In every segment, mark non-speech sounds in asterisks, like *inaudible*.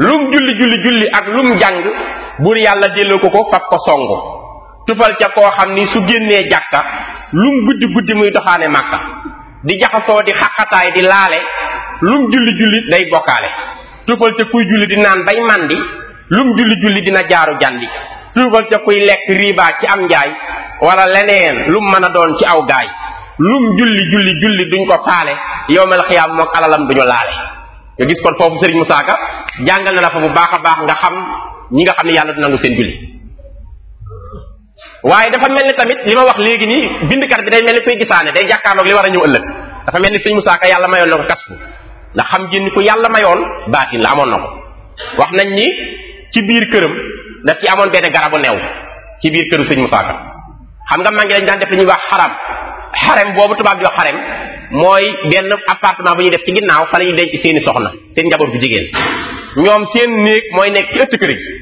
lum julli julli julli ak lum jàng buur yàlla delloo ko ko fab ko song tufal ca koo xam ni su génnee jàkka lum guddi guddi muy doxaane màkka di jaxasoo di xaqataay di laale lum julli julli day bokkaale tufal ca kuy julli di naan bay màndi lum julli julli dina jaaru jàndi tuubal ca kuy lekk riibaa ci am njaay wala leneen lum mën a doon ci aw gaay lum julli julli julli duñ ko faale yowmal xiyaam mook alalam duñu laale nga gis kon foofu Serigne Moussa Ka jàngal na la fa bu baax a baax nga xam ñi nga xam ne yàlla du nangu seen julli waaye dafa mel ni tamit li ma wax léegi nii bindkat bi day mel ni koy gisaane day jàkkaarloog li war a ñëw ëllëg dafa mel ni sëñ Musaa yàlla mayoon na ko kasfu ndax xam ngeen ni ko yàlla mayoon baatin amoon na ko wax nañ ni ci biir këram daf ci amoon benn garabu new ci biir këru sëñ xam nga maa ngi daan def li baax wax xaram xarem boobu tubaab di wax xarem mooy benn appartement bu ñu def ci ginnaaw fa la ñuy denc seeni soxna seen njaboot bu jigéen ñoom seen néeg mooy nekk ci ëtt kër gi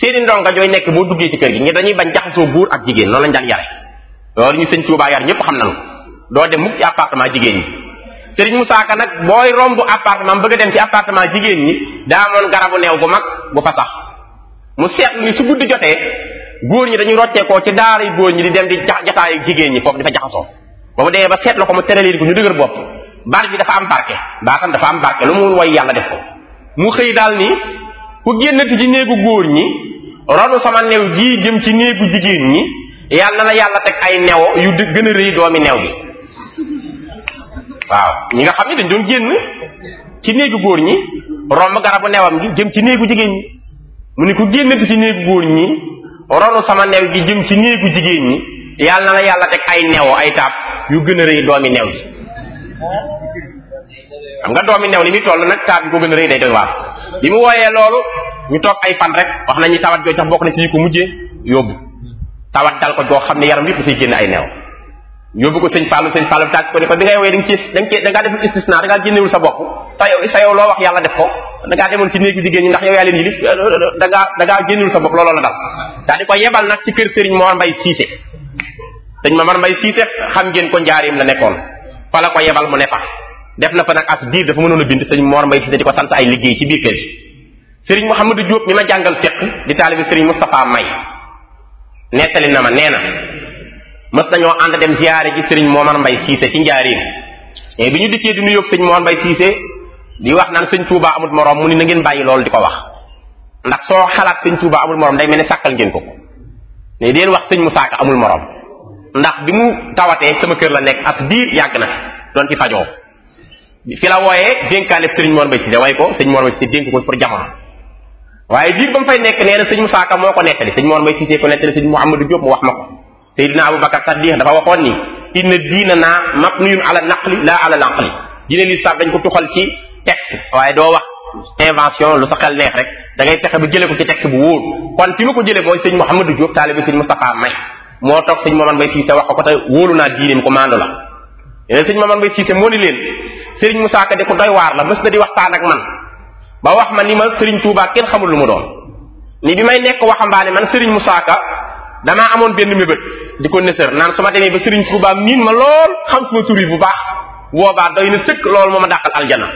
seeni ndonga ñooy nekk boo duggee ci kër gi ngir dañuy bañ jaxasoo góor ak jigéen loolu daan yare loolu ñu sëñ Tuubaa yar ñëpp xam nañu doo dem mukk ci appartement jigéen ñi Sëriñ Musaa Ka nag booy romb appartement bëgg a dem ci appartement jigéen ñi daa amoon garabu neew bu mag bu fa sax mu seetlu ni su guddi jotee góor ñi dañuy rocceekoo ci daara yu góor ñi di dem di jataayu jigéen ñi foofu di fa jaxasoo ba mu demee ba seetlu ko mu tere leen ko ñu dëgër bopp bar bi dafa am barke baatam dafa am barke lu mu woy yàlla def ko mu xëy daal ni ku génnati ci néegu góor ñi ronu sama new gii jëm ci néegu jigéen ñi yàlla na yàlla teg ay new yu gën a rëy doomi new bi waaw ñi nga xam dañ doon génn ci néegu góor ñi romb garabu newam gi jëm ci néegu jigéen ñi mu ne ku génnati ci néegu góor ñi ronu sama new gi jëm ci néegu jigéen ñi yàlla na la yàlla teg ay new ay taab yu gën a rëy doomi new bi xam nga doomi new ni muy toll nag taat bi ko gën a rëy day doy waar bi mu wooyee loolu ñu toog ay fan rek wax nañu tawat jooju sax bokk na ci ñu ko mujjee yóbbu tawat dal ko joo xam ne yaram yëpp dafay génn ay neew yóbbu ko sëñ Fallou sëñ Fallou tàgg ko ne ko bi ngay nga ci da nga ci da ngaa def istisna da ngaa génnewul sa bopp te yow sa yow loo wax yàlla def ko da ngaa demoon ci néegu jigéen ñi ndax yow yaa leen yilif da ngaa da ngaa génnewul sa bopp looloo la dal daal di ko yebal nag ci kër sëriñ man Mbay Siise sëñ Mor Mbay Siise xam ngeen ko njaarim la nekkoon fa ko yebal mu ne fa def na fa nag as diir dafa mënoon a bind sëñ Mor Mbay Cissé di ko sant ay liggéey ci biir kër gi sëriñ Mouhamadou Diop mi ma jàngal fiq di taalibi sëriñ Moustapha May nettali na ma nee na mës nañoo ànd dem ziyaare ji sëriñ Momar Mbay Cissé ci njaariin mais bi ñu dikkee di nuyoog sëñ Mor Mbay Cissé di wax naan sëñ Touba amul moroom mu ni na ngeen bàyyi loolu di ko wax ndax soo xalaat sëñ tuuba amul morom day mel ni sàkkal ngeen ko ne deen wax sëñ mu Ka amul moroom ndax bi mu tawatee sama kër la nekk as diir yàgg na doon ci fajoo fi la wooyee dénkaane sëriñ Mor Mbaye Cissé way ko sëñ Mor Mbaye Cissé dénk ko pour jamono waaye biir ba mu fay nekk nee na sëñ Moussa Ka moo ko nettali sëñ Mor Mbaye Cissé ko nettali sëñ Mouhamadou Diop mu wax ma ko Seydina Aboubacar Saddiq dafa waxoon ni inna diina naa mabniyun ala naqli la ala naqli diine l'islam dañ ko tuxal ci texte waaye doo wax invention lu sa xel neex rek da ngay fexe ba jële ko ci texte bu wóor kon fi ma ko jële mooy sëñ Mouhamadou Diop taalibe sëñ Moustapha May moo toog sëñ Momane Mbaye Cissé wax ko ko te wóolu naa diine mi ko maandu la yeneen sëñ Mamadou Mbaye Cissé moo ni leen Serigne Moussa Ka de ku doy waar la mës na di waxtaan ak man ba wax ma ni ma Serigne Touba kenn xamul lu mu doon ni bi may nekk waxambaane man Serigne Moussa Ka damaa amoon benn mébét di ko nësër naan su ma demee ba Serigne Touba miin ma lool xam suma tur bu baax woo boobaa doy na sëkk loolu moo ma dàqal aljana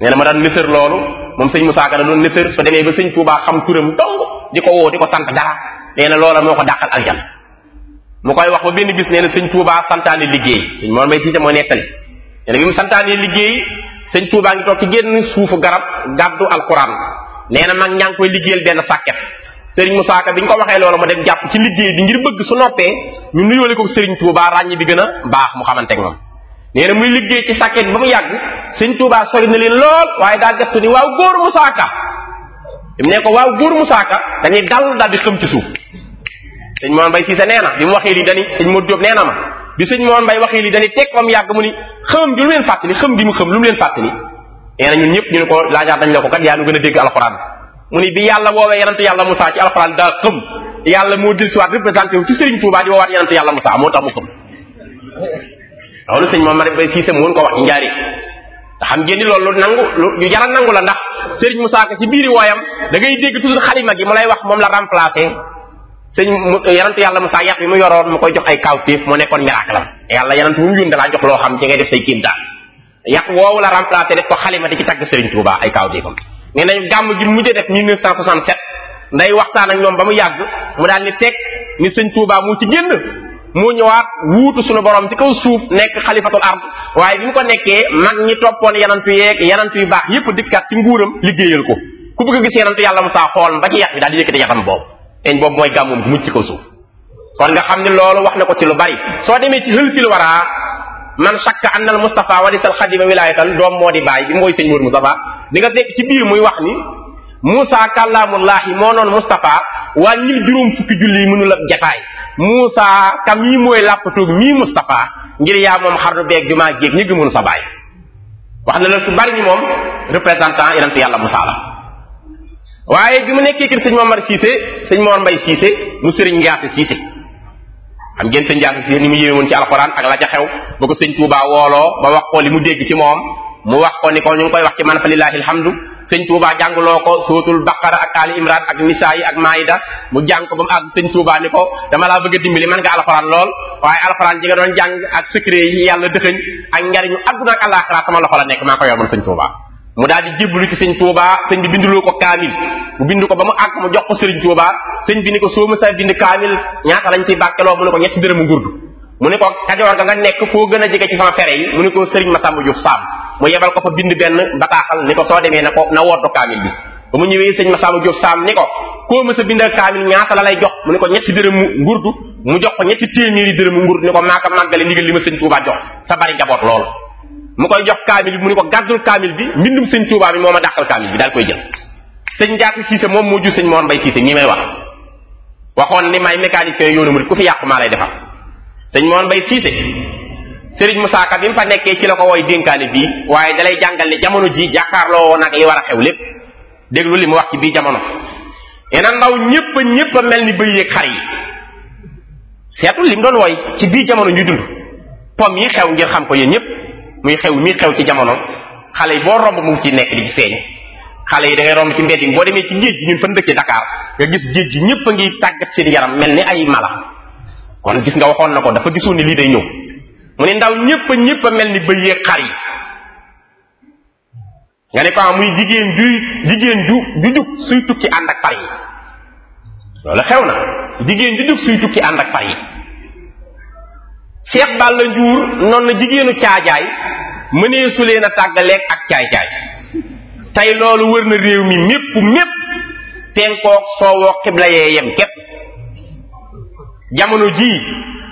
nee na ma daan nësër loolu moom sëñ Moussa Ka da doon nësër su demee ba sëñ Touba xam turam dong di ko woo di ko sant dara nee na loola moo ko dàqal aljana mu koy wax ba benn bis nee na sëñ Touba santaane liggéey sëñ Mor Mbay Siise moo nettali nee na bi mu santaane liggéey sëñ Touba ngi toog ci génn suufu garab gàddu alquran nee na mag ñaa koy liggéeyal benn sàkket sëriñ Moussa Ka bi ñu ko waxee loolu mu dem jàpp ci liggéey bi ngir bëgg su noppee ñu nuyoole ko sëriñ Touba ràññi bi gën a baax mu xamante ak moom nee na muy liggéey ci sàkket ba mu yàgg sëñ Touba sori na leen lool waaye daa gëstu ni waaw góor Moussa Ka bi mu ne ko waaw góor Moussa Ka dañuy dal daal di xëm ci suuf sëñ Mohamed Mbaye Cissé nee na bi mu waxee lii dani sëñ Modou Diop nee ma bi sëñ Mohamed Mbaye waxee lii dani teg comme yàgg mu ni xëm gi lu leen fàttali xëm gi mu xëm leen fàttali nee na ñun ñëpp ñu ne ko laajaat nañ la ko kat yaa nu gën a dégg alxuraan mu ni bi yàlla woowee yonent yàlla Moussa ci alxuraan daa xëm yàlla moo dil siwaat représenté wu ci Serigne Touba di woowaat yonent yàlla Moussa moo tax mu xëm loolu sëñ Mohamed Mbaye Cissé mu woon ko wax ci njaari te xam ngeen la ndax Serigne Moussa ka ci biiri wooyam da ngay dégg toujours xalima gi mu lay wax la sëñ yonent yàlla Musaa yàq bi mu yoroon mu koy jox ay kawtéef mu nekkoon miracle am yàlla yonent mu yun dalaa jox loo xam ci ngay def say kiimtaan yàq woowu la remplacé def ko xalima di ci tagg Sëriñ Tuubaa ay kawtéefam nee nañ gàmm ji mujjee def 1967 nday waxtaan ak ñoom ba mu yàgg mu daal ni teg ni Sëñ Tuubaa mu ci génn mu ñëwaat wuutu suñu borom ci kaw suuf nekk xalifatul ard waaye bi mu ko nekkee mag ñi toppoon yanantu yeeg yanantu yu baax yépp dikkat ci nguuram ko ku bëgg gis yanantu yàlla xool ba ci yàq bi daal di teñ boobu mooy gàmmum gi mucc ci kaw suuf kon nga xam ne loolu wax na ko ci lu bari soo demee ci hël ci lu waraa man shakka anna al Mustafa walisal xadima wilaayatan doom moo di bàyyi bi mooy sëñ Mour Mustafa di nga fekk ci biir muy wax ni Moussa kàllaamullaahi moo noon Mustafa wàññil juróom fukki julli yi mënul ab jataay Moussa kam mii mooy làppatoog mii Mustafa ngir yaa moom xarnu beeg jumaa géeg ñi gëmul sa bàyyi wax na la su bari ni moom représentant yonent yàlla waaye bi mu nekkee kër sëñ Momar Cissé sëñ Mor Mbay Cissé mu sëriñ Njaase Cissé xam ngeen sëñ Njaase Cissé ni mu yéeme woon ci alxuraan ak la ca xew ba ko sëñ Touba wooloo ba wax ko li mu dégg ci moom mu wax ko ni ko ñu ngi koy wax ci man fa lillahi alhamdu sëñ Touba jàngloo ko sootul baqara ak ali imran ak nisaa yi ak maayida mu jàng ko ba mu àgg sëñ Touba ni ko dama laa bëgg a dimbali man nga alxuraan lool waaye alxuraan ji nga doon jàng ak secret yi yàlla dëxëñ ak njariñu àdduna ak àllaaxira loxo la nekk maa ko yomal sëñ Touba mu daal di jébbalu ci sëñ Touba sëñ bi binduloo ko kaamil mu bind ko ba mu àgg mu jox ko sëriñ Touba sëñ bi ni ko soo mësa bind kaamil ñaata lañ ciy bàkkeloo mu ne ko ñetti dërëmu gurdu mu ne ko kajoor ga nga nekk foo gën a jege ci sama mu ne ko sëriñ Masamba Diouf Samb mu yebal ko fa bind benn bataaxal ni ko soo demee na ko na wootu kaamil bi ba mu ñëwee sëñ Masamba Diouf Samb ni ko koo mësa bindal kaamil ñaata la lay jox mu ne ko ñetti dërëmu ngurdu mu jox ko ñetti téeméeri dërëmu ngurdu ni ko maa ko màggale ndigal li ma sëñ Touba jox sa bari jaboot loolu mu koy jox kaamil bi mu ni ko gàddul kaamil bi mbindum sëñ Tuubaa bi moo ma dàqal kaamil bi daal koy jël sëñ Njaati Siise moom moo jur sëñ Mor Mbay Siise ñi may wax waxoon ni may mécanicien yoonu murid ku fi yàqu maa lay defar sëñ Mor Mbay Siise Sëriñ Musaa Ka bi mu fa nekkee ci la ko woy dénkaane bii waaye dalay jàngal jamono ji jàkkaarloo woon ak li war a xew lépp déglu li mu wax ci bii jamono ena ndaw ñépp a ñépp a mel ni bëy yeeg xar ci bii jamono ñuy dund pom yi xew xam ko yéen ñépp muy xew mii xew ci jamono xale yi boo romb mu ngi ciy nekk di ci feeñ xale yi da ngay romb ci mbedd yi boo demee ci géej gi ñun fan dëkkee Dakar nga gis géej gi ñëpp a ngi tàggat seen yaram mel ni ay mala kon gis nga waxoon na ko dafa gisoon ni lii day ñëw mu ne ndaw ñëpp a ñëpp a mel ni bëy yeeg xar yi nga ne ko ah, muy jigéen ju jigéen ju ju jug suy tukki ànd ak par yi loolu xew na jigéen ju jug suy tukki ànd ak par yi Cheikh Balla Ndiour noonu na jigéenu caajaay mënee su leen a tàggaleeg ak caay tey loolu wër na réew mi mépp mépp penkook soowoo xibla yee yem képp jamono jii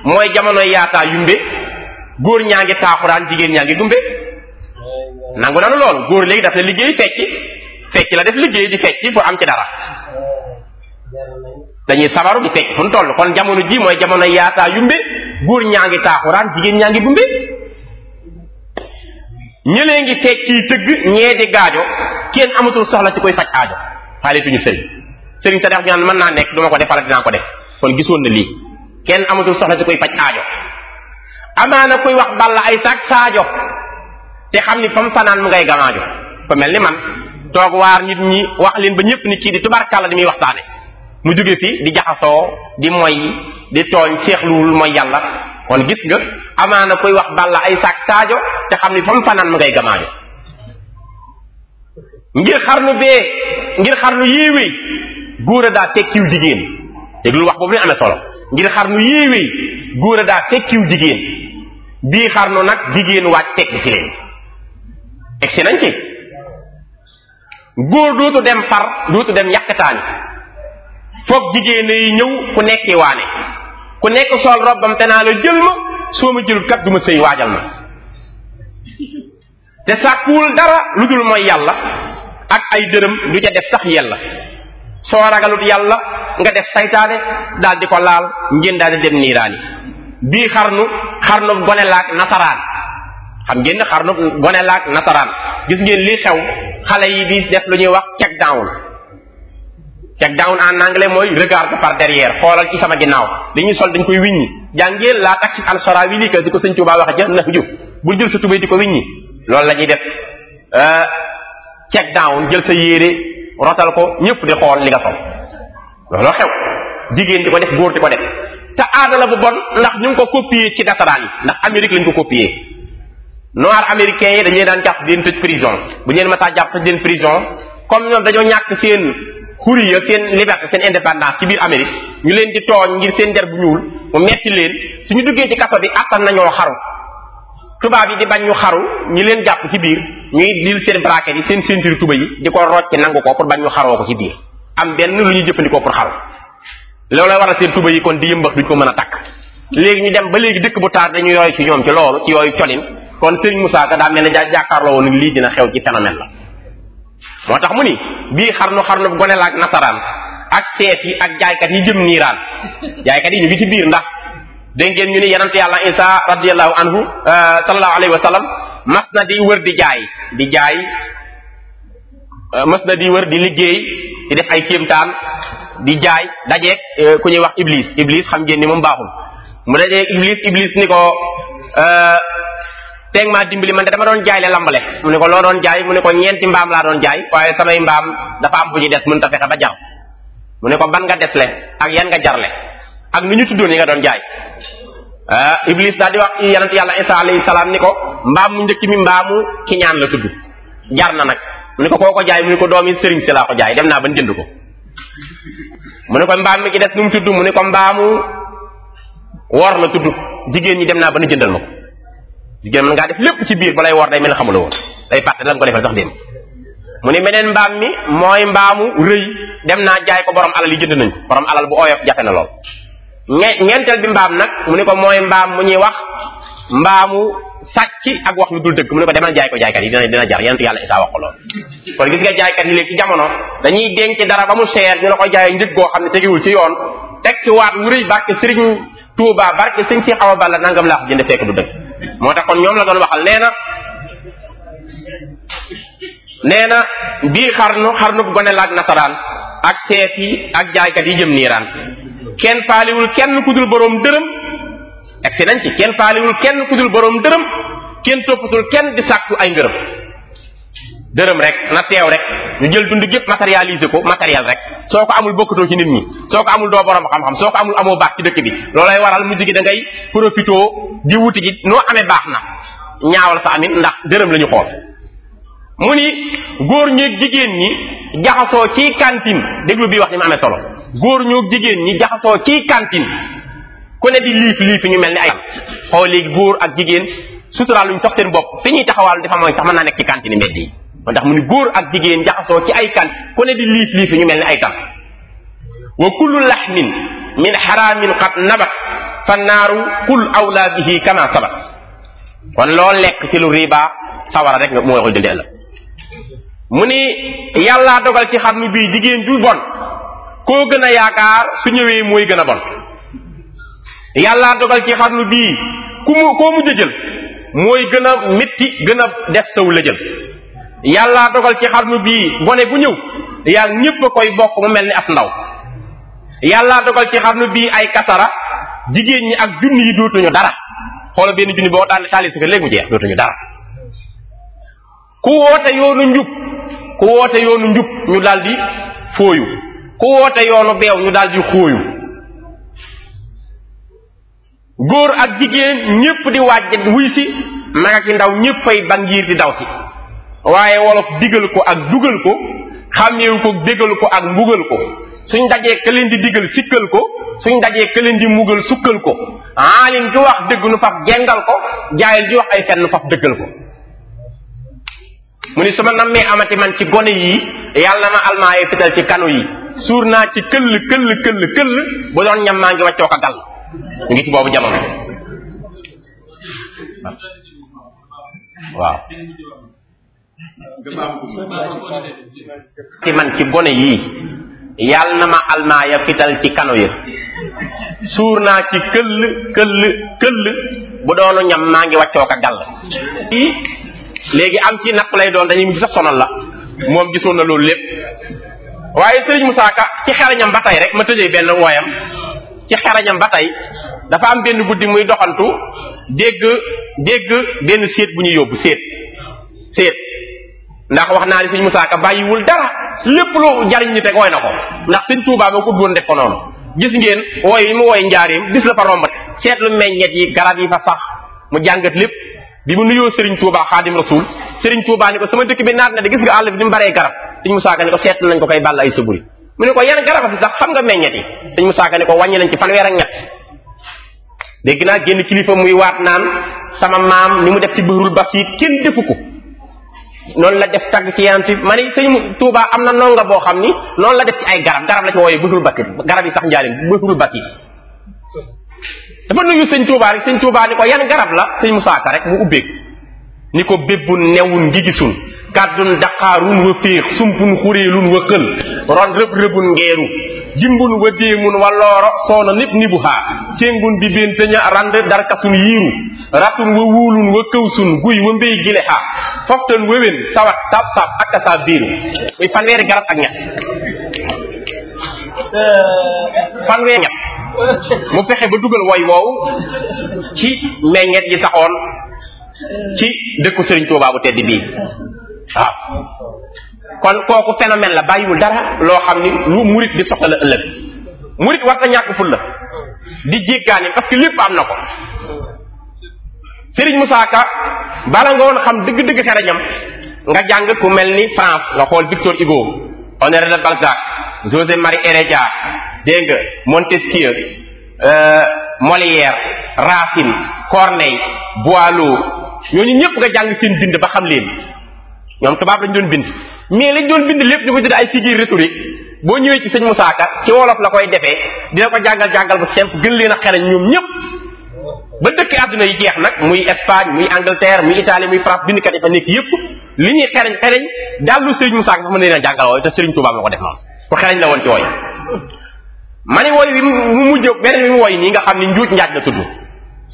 mooy jamono yaataa yumbe ñaa ngi taaxuraan jigéen ñaa ngi dumbe nangu nanu loolu góor léegi dafa liggéey fecc fecc la def liggéey di fecc pour am ci dara dañuy sabaru di toll kon jamono jii mooy jamono yaataa yumbe góor ñaa ngi taaxuraan jigéen ñaa ngi bumbi ñëlee ngi fecc ci tëgg ñee di gaajo kenn amatul soxla ci koy faj aajo xaalituñu sëriñ sëriñ te dex ñu naan mën naa nekk duma ko def wala dinaa ko def kon gisoon na lii kenn amatul soxla ci koy faj aajo amaana koy wax balla ay saak saajo te xam ni fa mu fanaan mu ngay gamaajo ko mel ni man toog waar nit ñi wax leen ba ñëpp nit kii di tubarkàlla di muy waxtaane mu jóge fi di jaxasoo di moy di tooñ seexluwul mooy yàlla kon gis nga amaana koy wax Balla ay saak saajo te xam ni fa mu fanaan ma ngay gamaajo ngir xarnu bee ngir xarnu yiiwee góor a daa tekkiw jigéen déglul wax boobu ne amee solo ngir xarnu yiiwee góor a daa tekkiw jigéen bii xarnu nag jigéen waaj tekki si leen egsi nañ ci góor dootu dem far dootu dem yàqtaani foog jigéen ñëw ku nekki bu nekk sol robbam te naa la jël ma soo ma jëlul kat du ma sëy waajal ma te sàkkuwul dara lu dul mooy yàlla ak ay dërëm du ca def sax yàlla soo ragalut yàlla nga def saytaane daal ko laal ngeen daal di dem niiraani bii xarnu xarnu gone laak nasaraan xam ngeen ne xarnu gone laak nasaraan gis ngeen lii xew xale yi di def lu ñuy wax check down check down en anglais mooy regarde par derrière xoolal ci sama ginnaaw li ñuy sol dañ koy wiññi jàngeen laa taxis an sora wi lii ka di ko sëñ Tuubaa wax jë nax ju bul ko wiññi loolu la ñuy def euh, check down jël sa yére rotal ko ñëpp di xool li nga sol looloo jigéen di ko def góor di ko def te aada la bon ndax ñu ko copier ci nasaraan yi ndax Amérique lañ ko copier noir américain yi dañ leen daan jàpp di leen tëj prison bu ñu leen masaa jàpp tëj leen prison comme ñoom dañoo ñàkk seen huriya seen liberté seen indépendance ci biir Amérique ñu leen di tooñ ngir seen der bu ñuul mu metti leen ñu duggee ci kaso bi attan nañoo xaru tubaab yi di bañ ñu xaru ñi leen jàpp ci biir ñuy dil seen braquet yi seen ceinture tuba yi di ko rocc nangu ko pour bañ ñu xaroo ko ci biir am benn lu ñuy jëfandikoo pour xaru loolu waral seen tuba yi kon di yëmbax duñ ko mën a takk léegi ñu dem ba léegi dëkk bu taar dañu yooyu ci ñoom ci loolu ci yooyu colin kon Serigne Moussa Ka daa mel ne jàkkaarloo woon lii dina xew ci phénomène la moo tax mu ni bii xarnu xarnu bu gone la ak nasaraan ak seet yi ak jaaykat yi jëm niiraan jaaykat yi ñu ngi ci biir ndax dégg ngeen ñu ni yonent yàlla isa radiallahu anhu euh, sallallahu alayhi wa sallam mas na di wër di jaay di jaay euh, mas na di wër di liggéey di def ay kéemtaan di jaay dajeeg euh, ku ñuy wax iblis iblis xam ngeen ni moom baaxul mu dajeeg iblis iblis ni ko teeg maa dimbali man de dama doon jaay le lambale mu ne ko loo doon jaay mu ne ko ñeenti mbaam laa doon jaay waaye samay mbaam dafa am bu ñu des mën ta fexe ba jar mu ne ko ban nga des le ak yan nga jarle ak nu ñu tuddoon yi nga doon jaay ah Iblis daal di wax yonent yàlla Isa alayhi salaam ni ko mbaam mu njëkk mi mbaamu ki ñaan la tudd jar na nag mu ne ko koo ko jaay mu ne ko doomi sëriñ si laa ko jaay dem naa ban jënd ko ne ko mbaam mi ci des nu mu tudd mu ne ko mbaamu wor la tudd jigéen ñi dem naa ba nu jëndal ma ko jëm ngaa def lépp ci biir balay woor day mel ne xamula woon day fàtte lan ko defal sax démb mu ne meneen mbaam mi mooy mbaamu rëy dem naa jaay ko borom alal yi jënd nañ ko borom alal bu oyof jafe na lool ñe ñeenteel bi mbaam nag mu ne ko mooy mbaam mu ñuy wax mbaamu sàcc ak wax lu dul dëgg mu ne ko demal jaay ko jaaykat yi dina dina jar yent yàlla isaa wax ko lool kon gis nga jaaykat yi léegi ci jamono dañuy denc dara ba mu seer ñu la ko jaay njëg goo xam ne tegewul ci yoon teg ci waat wu rëy barke sëriñ Tuubaa barke sëñ si xaw a balla nangam laa ko jënd fekk moo tax kon ñoom la doon waxal nee na nee na bii xarnu xarnu bu gone la ak nasaraan ak seet ak jaaykat yi jëm niiraan kenn faaliwul kenn ku dul boroom dërëm ak nañ ci kenn faaliwul kenn ku dul boroom dërëm kenn toppatul kenn di sàkku ay ngërëm dërëm rek na teew rek ñu jël dund gépp matérialiser ko matérial rek soo ko amul bokkatoo ci nit ñi soo ko amul doo borom xam-xam soo ko amul amoo baax ci dëkk bi loolay waral mujj gi dangay ngay profitoo di wuti gi noo amee baax na ñaawal sa amit ndax dërëm lañu ñu xool mu ni góor ñeeg jigéen ñi jaxasoo ci cantine déglu bii wax ni mu amee solo góor ñoog jigéen ñi jaxasoo ci cantine ku ne di liif liif ñu mel ni ay xool léegi góor ak jigéen suturaal luñ sax seen bopp fi ñuy taxawaalu dafa mooy mën naa nekk ci cantine moo tax mu ni góor ak jigéen jaxasoo ci ay kan ku ne di liif liifi ñu mel ne ay kan wa kullu laxmin min xaraamin qad nabat fa naaru kul awlaa bihi kama sabat kon loo lekk ci lu riba sawara rek nga mooy ko jëndee la mu ni yàllaa dogal ci xarnu bii jigéen ju bon gën a yaakaar su ñëwee mooy gën a bon yàllaa dogal bii ku mu koo mujj a jël mooy gën a métti gën a def saw la jël yàlla dogal ci xarnu bii gone bu ñëw yaa ñëpp koy bokk mu mel ni ab ndaw yàllaa dogal ci xarnu bii ay kasara jigéen ñi ak junni yi dootuñu dara xoola benn junni boo daan taali saka léegi mu jeex dootuñu dara ku woote yoonu njub ku woote yoonu njub ñu daldi fooyu ku woote yoonu beew ñu daldi xooyu góor ak jigéen ñépp di waaj wuy si naka ki ndaw ñëpp fay bangiir di daw si waaye wolof digal ko ak dugal ko xàmmeewu ko dégal ko ak mbugal ko suñ dajee ka di digal sikkal ko suñ dajee ka leen di mbugal sukkal ko aalim ju wax dëgg nu faf jengal ko jaayil ju wax ay fenn nu faf dëggal ko mu ni su ma nammee amati man ci gone yii yàlla na ma almaaye fital ci kanu yi suur naa ci këll këll këll këll bu doon ñam maa ngi waccoo ko gal ñu ngi ci boobu jamono waaw ci man ci gone yii yàlla na ma almaaya fital ci kano yi suur naa ci këll këll këll bu doonu ñam maa ngi wàccook a gàll léegi am ci napp lay doon dañuy mujj sax sonal la moom gisoon na loolu lépp waaye sëriñ Moussa Ka ci xarañam ba tey rek ma tëjee benn wooyam ci xarañam ba tey dafa am benn guddi muy doxantu dégg dégg benn séet bu ñu yóbbu séet séet ndax wax naa ni sëñ Musaa Ka bàyyiwul dara lépp lu jariñ nit rek woy na ko ndax sëñ Tuubaa ba ko woon def noonu gis ngeen woy yi mu woy njaareem gis la fa romb seetlu meññet yi garab yi fa sax mu jàngat lépp bi mu nuyoo Serigne Touba Xaadim Rasul Serigne Touba ni ko sama dëkk bi naat na de gis nga àll bi ni baree garab sëñ Musaa Ka ni ko seet nañ ko koy bàll ay suburi mu ne ko yan garab fi sax xam nga meññet yi sëñ Musaa ni ko wàññi nañ ci fanweer ak ñett dégg naa génn kilifa muy waat naan sama maam ni mu def ci Buhrul Basiit kenn defu ko noonu la def tagg ci yonent bi ma ne sëñ Touba am na nonga boo xam ni noonu la def ci ay garab garab la ci wooyee bëtul bakki garab yi sax njaalim bëtul bakki dafa nuyu sëñ Touba rek sëñ Touba ni ko yan garab la sëñ Musaa Ka rek mu ubbeeg ni ko bébbun newun ngi gisun kàddun daqaarun wa féex sumpun xureelun wa kël ron rëb-rëbun ngeeru jimbun wa déemun wa looro soona nib nibu xaa céngun bi béntaña rand darkasun yiiru ratun wa wuulun wa këwsun guy wa mbéy gileha foftan wéwén sawat saab saab ak a saab biiru muy fanweeri garab ak ñett fanweeri ñett mu fexe ba dugal woy woowu ci meññeet yi saxoon ci dëkku Sëriñ Tuubaa bu tedd bii waaw kon kooku phénomène la bàyyiwul dara loo xam ni lu murit di soxla la ëllëg murit war ñàkk ful la di jéggaani parce que lépp am na ko Serigne Moussa Ka bala nga woon xam dëgg-dëgg xerañam nga jàng ku mel ni France nga xool Victor Hugo Honoré de Balzac José Marie Heredia dégg nga Montesquieu euh, Molière Racine Corneille Boileau ñooñu ñëpp nga jàng seen bind ba xam leen ñoom tubaab lañ doon bind mais lañ doon bind lépp ñu ko tudde ay figure rhétorique boo ñëwee ci sëñ Moussa Ka ci wolof la koy defee dina ko jàngal jàngal bu simple gën leen a xere ñoom ñëpp ba dëkk àdduna yi jeex nag muy Espagne muy Angleterre muy Italie muy France bindkat yi fa nekk yépp li ñuy xereñ xereñ dallu Serigne Moussa dafa mën leen a jàngal wooyu te Serigne Touba moo ko def moom ko xereñ la woon ci wooy ma ne wooy wi mu mujj beneen bi mu wooy nii nga xam ni njuuj njaaj la tudd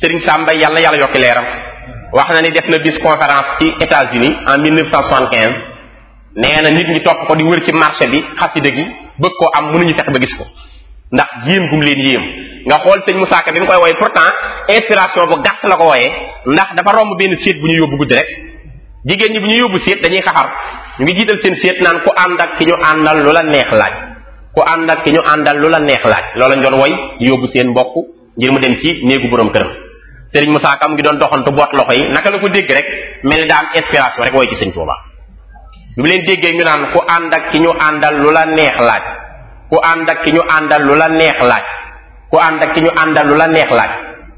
Serigne Samba yàlla yàlla yokki leeram wax na ni def na bis conférence ci États-Unis en 1975 nee na nit ñi topp ko di wër ci marché bi xasida gi bëgg koo am mënuñu fexe ba gis ko ndax yéem gum leen yéem nga xool sëñ Moussa Ka bi mu koy woy pourtant inspiration bu gàtt la ko wooyee ndax dafa romb benn séet bu ñu yóbbu guddi rek jigéen ñi bu ñu yóbbu séet dañuy xaxar ñu ngi jiital seen séet naan ku ànd ak ki ñu àndal lu la neex laaj ku ànd ak ki ñu àndal lu la neex laaj loola ñu doon woy yóbbu seen mbokk ngir mu dem ci néegu borom këram sëriñ Moussa Ka mu ngi doon doxantu boot loxo yi naka la ko dégg rek mel ni daa am inspiration rek woy ci sëñ Touba bi mu leen déggee ñu naan ku ànd ak ki ñu àndal lu la neex laaj ku ànd ak ki ñu àndal lu la neex laaj ku ànd ak ki ñu àndal lu la neex laaj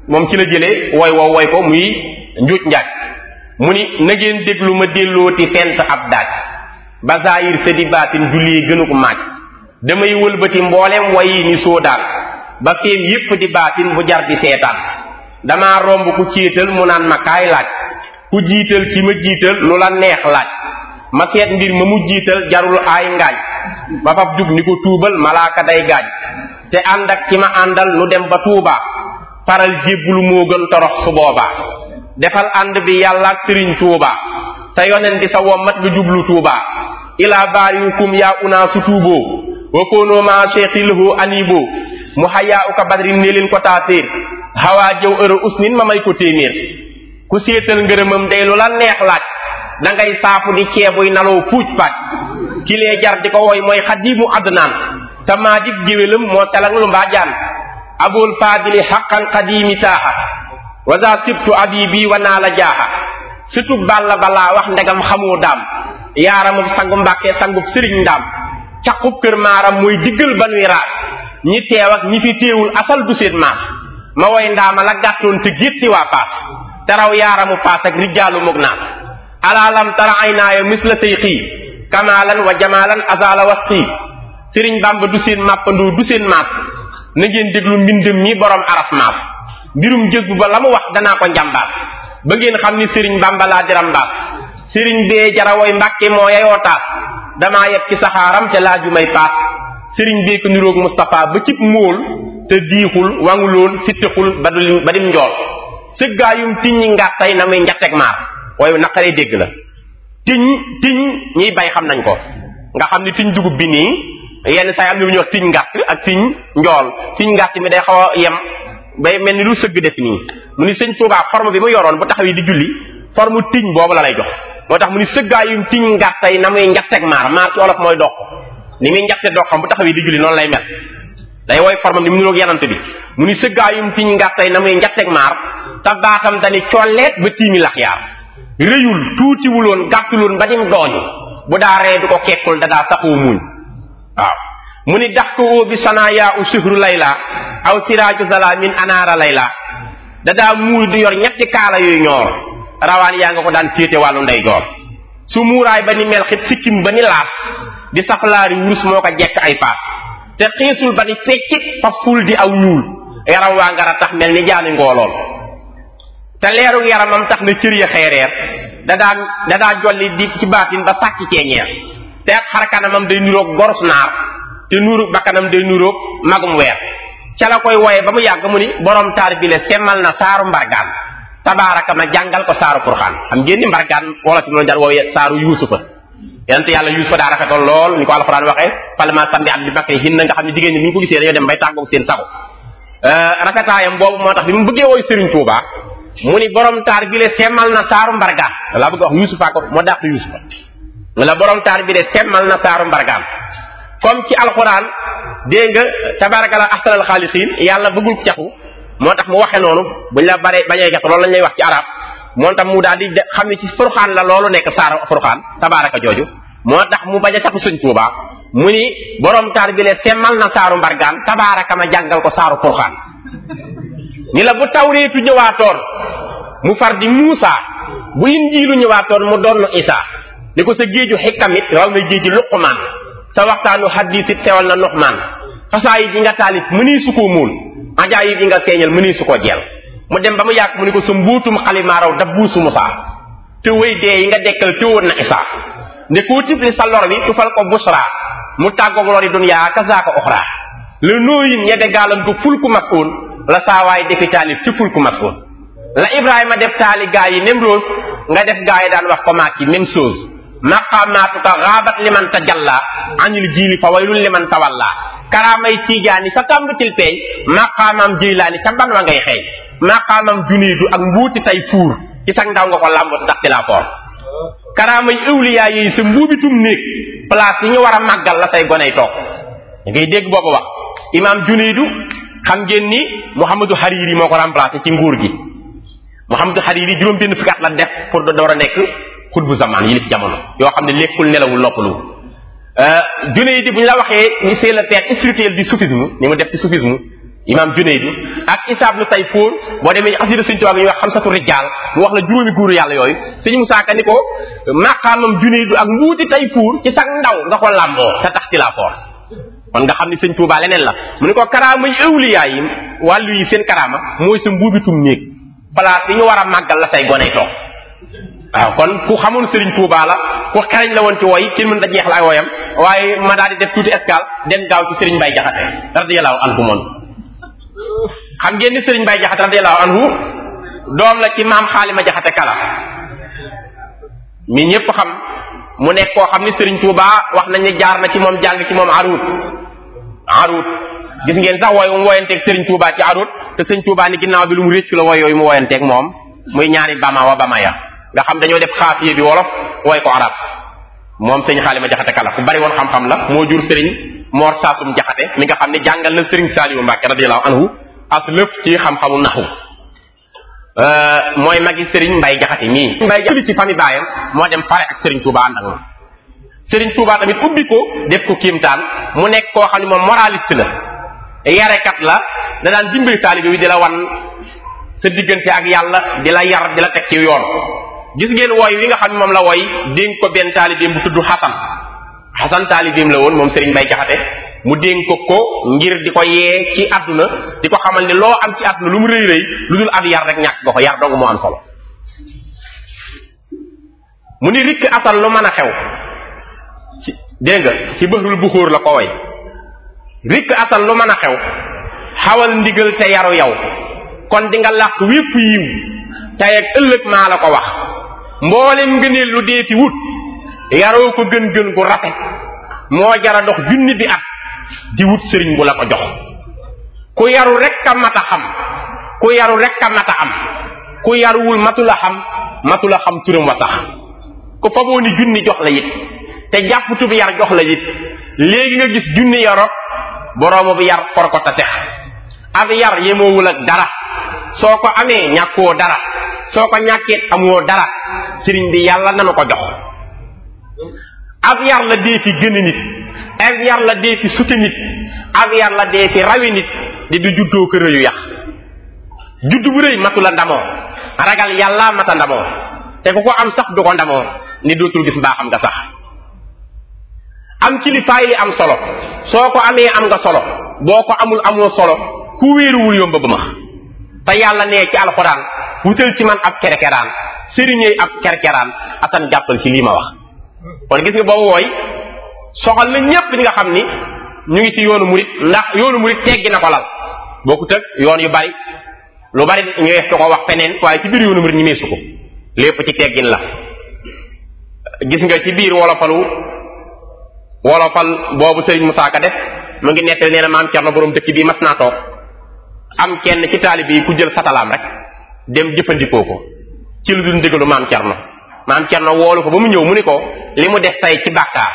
moom ci la jële woy woo woy ko muy njuuj njaaj mu ni na déglu ma dellooti fent ab daaj ba zaayir sa di baatin julli gënu ko maaj damay wëlbati mboolem wayi ni soodaan ba feem yépp di baatin bu jar di seetaan damaa romb ku céetal mu naan ma kaay laaj ku jiital ki ma jiital lu la neex laaj ma seet mbir ma mu jiital jarul aay ngaañ ba faf jub ni ko tuubal malaaka day gaaj te ànd ak ki ma àndal nu dem ba tuubaa faral jébbulu mu gën torox su boobaa defal ànd bi yàlla sëriñ tuubaa te yonen di sa mat nga jublu tuubaa ilaa baariukum yaa unaa su tuuboo wakoonoo maa cheikhilahu aniboo mu xayaa uka badrin ne leen ko taatéer xawaa jëw ëra usnin ma may ko téeméer ku séetal ngërëmam day la neex laaj da saafu di ceebuy naloo puuj paaj ki lee jar di ko woy mooy xadimu adnaan te maa dib géwélam moo talang lu mbaa jaan abul fadili xaqan xadimi taaxa waza sibtu abi bi wanaa la jaaxa sutub balla balaa wax ndegam xamoo daam yaaramub sangu mbàkkee sangub sëriñ ndaam caqub kër maaram mooy diggal banuy raas ñi teew ñi fi téewul asal du seen maas ma woy ndaama la gàttoon te waa paas taraw yaaramu paas ak mug naas alaalam tara ay mis la say kamaalan wa jamaalan azala wasxii sëriñ bàmba du seen màppandoo du seen maas na ngeen déglu mbindam mi borom araf maaf mbirum jës bu ba la mu wax danaa ko njàmbaas ba ngeen xam ni sëriñ bàmba laa diram mbaas sëriñ bee jarawoy mbàkke moo yayoo taas damaa yegg ci saxaaram te laaju may paas sëriñ bee ko niroog Moustapha ba cib móol te diixul wanguloon sittixul ba du ba dim njool sëggaayum tiññi ngàttay na muy njatteg maar waaye naqaree dégg la tiñ tiñ ñiy bay xam nañ ko nga xam ni tiñ dugub bi nii yenn saa yi am na lu ñuy wax tiñ ngàtt ak tiñ njool tiñ ngàtt mi day xaw a yem bay mel ni lu sëgg def nii mu ni sëñ Tuubaa forme bi mu yoroon bu taxawee di julli forme tiñ boobu la lay jox moo tax mu ni sëggaayum tiñ ngàtt yi na muy njatteeg maar maar ci olof mooy dox ni muy njatte dox xam bu taxawee di julli noonu lay mel day woy formam ni mu niroog yanante bi mu ni sëggaayum tiñ ngàtt yi na muy njatteeg maar te baatam dani colleet ba tiimi lax rëyul tuutiwul woon gàttuloon ba dim dooñu bu daa ree du ko kekkul da daa saxoo muuñ waaw mu ni dax ko oo bi sanaayaa u suhru layla aw siraaju sala anaara layla da daa muuy di yor ñetti kaala yooyu ñoor rawaan yaa nga ko daan féete wàllu ndeyjoor su muuraay ba ni mel xit sikkim ba ni laaf di saflaari wurus moo ko jekk ay faat te xiisul ba ni peccit fa ful di aw ñuul yaram waa ngara tax mel ni jaani ngoolool te ma yaramam tax na cër ya xeereer da daa da daa jolli di ci baatin ba sàkk cee ñeer te ab xarkanamam day nuroog goros naar te nuuru bakkanam day nuroog magum weer ca la koy wooye ba mu yàgg mu ni borom taar bi le semmal na saaru mbargaan tabaaraka na jàngal ko saaru purxaan xam ngeen ni mbargaan wala fi mu doon daan woowee saaru yuusufa yonent yàlla yuusufa daa rafetoon lool ni ko alxuraan waxee falma sambi ab bi bakri hinna nga xam ne jigéen ñi bu ñu ko gisee dañoo dem bay tàggoog seen sago euh, rafetaayam moo tax bi mu bëggee wooy Serigne mu ni borom taar bi le semmal na saaru mbargaan laa bëgg a wax yusufa ko moo dàq yusufa mu la borom taar bi le semmal na saaru mbargaan comme ci alxuraan dégg nga tabaarakala ahsanal xaaliqiin yàlla bëggul caxu moo tax mu waxe noonu buñ la bare bañee caxu loolu lañ lay wax ci arab moo tax mu daal di xam ci furxaan la loolu nekk saaru furxaan tabaaraka jooju moo tax mu bañ a caxu suñ tuubaa mu ni borom taar bi le semmal na saaru mbargaan tabaaraka ma jàngal ko saaru furxaan ni la bu tawreetu ñëwaatoon mu far di Muusa bu injiilu ñëwaatoon mu doon Isa ni ko sa géeju xikam it raw na géeju Luqmaan sa waxtaanu xaddiis it teewal na Nuxmaan xasaayid yi nga taalif mënii su koo móol ajaayib yi nga feeñal mënii su ko jeel mu dem ba mu yàgg mu ni ko sa mbóotum xalimaaraw dabbuusu Muusa te wéy dee yi nga dekkal te woon na Isa ne koo tifli sa lor wi tufal ko busra mu tàggoog lori dunyaa kasaaka oxra le nooyin ñebe gaalan ko ful ku mas oon la saawaay defi taalif ci ful ku mas oon la Ibrahima def taali gaa yi Nemroos nga def gaa yi daan wax ko maak yi même chose maqaamaatuka xaabat liman tajalla anil jiili fa waylul liman tawalla karaamay tiijaani sa kàmbatil peey maqaamam jiilaani sa ban wa ngay xeeñ maqaamam juniidu ak mbuuti tay fuur ci sag ndaw nga ko làmbut ndax ci laa foor karaamay awliyaa yi sa mbuubitum néeg place yi ñu war a màggal la say goney toog ñu ngay dégg boobu wax imaam juniidu xam ngeen ni Muhammadu Hariri moo ko remplacé ci nguur gi Muhammadu Xariri juróom benn fukki at la def pour door a nekk xutbu zamaan yilif jamono yoo xam ne lekkul nelawul noppaluwul euh, Junayd bu ñu la waxee ni c'est le père spirituel du soufisme ni mu def ci soufisme imam Junayd ak Isaa ibnu Tayfur boo demee ñu xasida Sëriñ Tuubaa bi ñuy wax xamsatu rijaal mu wax la juróomi góoru yàlla yooyu Sëriñ Musaa Ka ni ko maqaamam ak mbuuti Tayfur ci sag ndaw nga ko làmboo te tax ci la foor kon nga xam ni Sëriñ Tuubaa leneen la mu ne ko karaama yi awliyaa yi wàllu yi seen karaama mooy sa mbuubitum néeg place bi ñu war a màggal la say gone toog waaw kon ku xamoon Serigne Touba la ku xereñ la woon ci woy kenn mën da jeex la ak woyam waaye ma daal di def tuuti escale dem gaaw ci Serigne bay Jaxate radiyallahu anhu moom xam ngeen ni Serigne Mbaye Jaxate radiyallahu anhu doom la ci maam xaalima Jaxate kala mi ñépp xam mu nekk koo xam ni Serigne Touba wax nañ ne jaar na ci moom jàng ci moom arut arut gis ngeen sax wooy um wooyanteeg Serigne Touba ci arut te sëñ Tuubaa ni ginnaaw bi lu mu réccu la woy yooyu mu woyanteeg moom muy ñaari bama wa bama ya nga xam dañoo def xaafiye bi wolof woy ko arab moom sëñ xaalima jaxate kala ku bari woon xam-xam la moo jur sëriñ Mor Saasum jaxate mi nga xam ne jàngal na sëriñ Saaliwu Mbàkke radiyallahu anhu as lëf ci xam-xamu naxu mooy magi sëriñ Mbay jaxate mii Mbay jaxate ci famille baayam moo dem pare ak sëriñ Tuubaa ànd ak moom sëriñ Tuubaa tamit ubbi ko mu nekk koo xam ne moom moraliste la yarekat la da daan dimbali taalibe bi di la wan sa diggante ak yàlla di la yar di la teg ci yoon gis ngeen wooy wi nga xam ne moom la woy dénk ko benn taalibeem bu tudd xasan xasan taalibeem la woon moom Serigne Bay Jaxate mu dénk ko ko ngir di ko yee ci àdduna di ko xamal ne loo am ci àdduna lu mu rëy rëy lu dul ab yar rek ñàkk nga ko yar dong moo am solo mu ni rikk asal lu mën a xew dégg nga ci bëxrul buxóor la ko woy rikk asan lu mën a xew xawal ndigal te yaru yow kon di nga làq wépp yiw tey ak ëllëg maa la ko wax mboolem ngëneel lu dee ci wut yaroo ko gën gën gu rafet moo jara dox junni bi at di wut sëriñ bu la ko jox ku yaru rek a mat a xam ku yaru rek a mat a am ku yaruwul matula xam matula xam turam wa sax ku faboo ni junni jox la it te jàpp tub yar jox la it léegi nga gis junni yaro boroomu bi yar for ko ta tex yar yemoowul ak dara soo ko amee ñàkkoo dara soo ko ñàkkee amoo dara sëriñ bi yàlla nanu ko jox ab yar la dee fi gën nit ak yar la dee fi suti nit ak yar la dee fi rawi nit di du juddoo kër yu yàq bu rëy matu ndamoo ragal yàlla mata ndamoo te ku ko am sax du ko ndamoo ni dootul gis mbaaxam nga sax am kilifaay li am solo soo ko amee am nga solo boo ko amul amoo solo ku wéeruwul yomba ba max te yàlla nee ci alxuraan wutal ci man ab kerkeraan sëriñëy ab kerkeraan asan jàppal ci lii ma wax kon gis nga boobu woy soxal na ñépp ñi nga xam ni ñu ngi ci yoonu murit ndax yoonu murit teggi na ko lal boo ko tëg yoon yu bari lu bari ñëwees ko wax feneen waaye ci biir yoonu murit ñi meesu ko lépp ci teggin la gis nga ci biir wolofalu wolofal boobu sëriñ Moussa Ka def mu ngi nettali nee na maam Cerno borom dëkk bii mas naa toog am kenn ci taalib yi ku jël satalaam rek dem jëfandikoo ko ci lu dul ndigalu maam Cerno maam Cerno woolu ko ba mu ñëw mu ni ko li mu def tay ci bàkkaar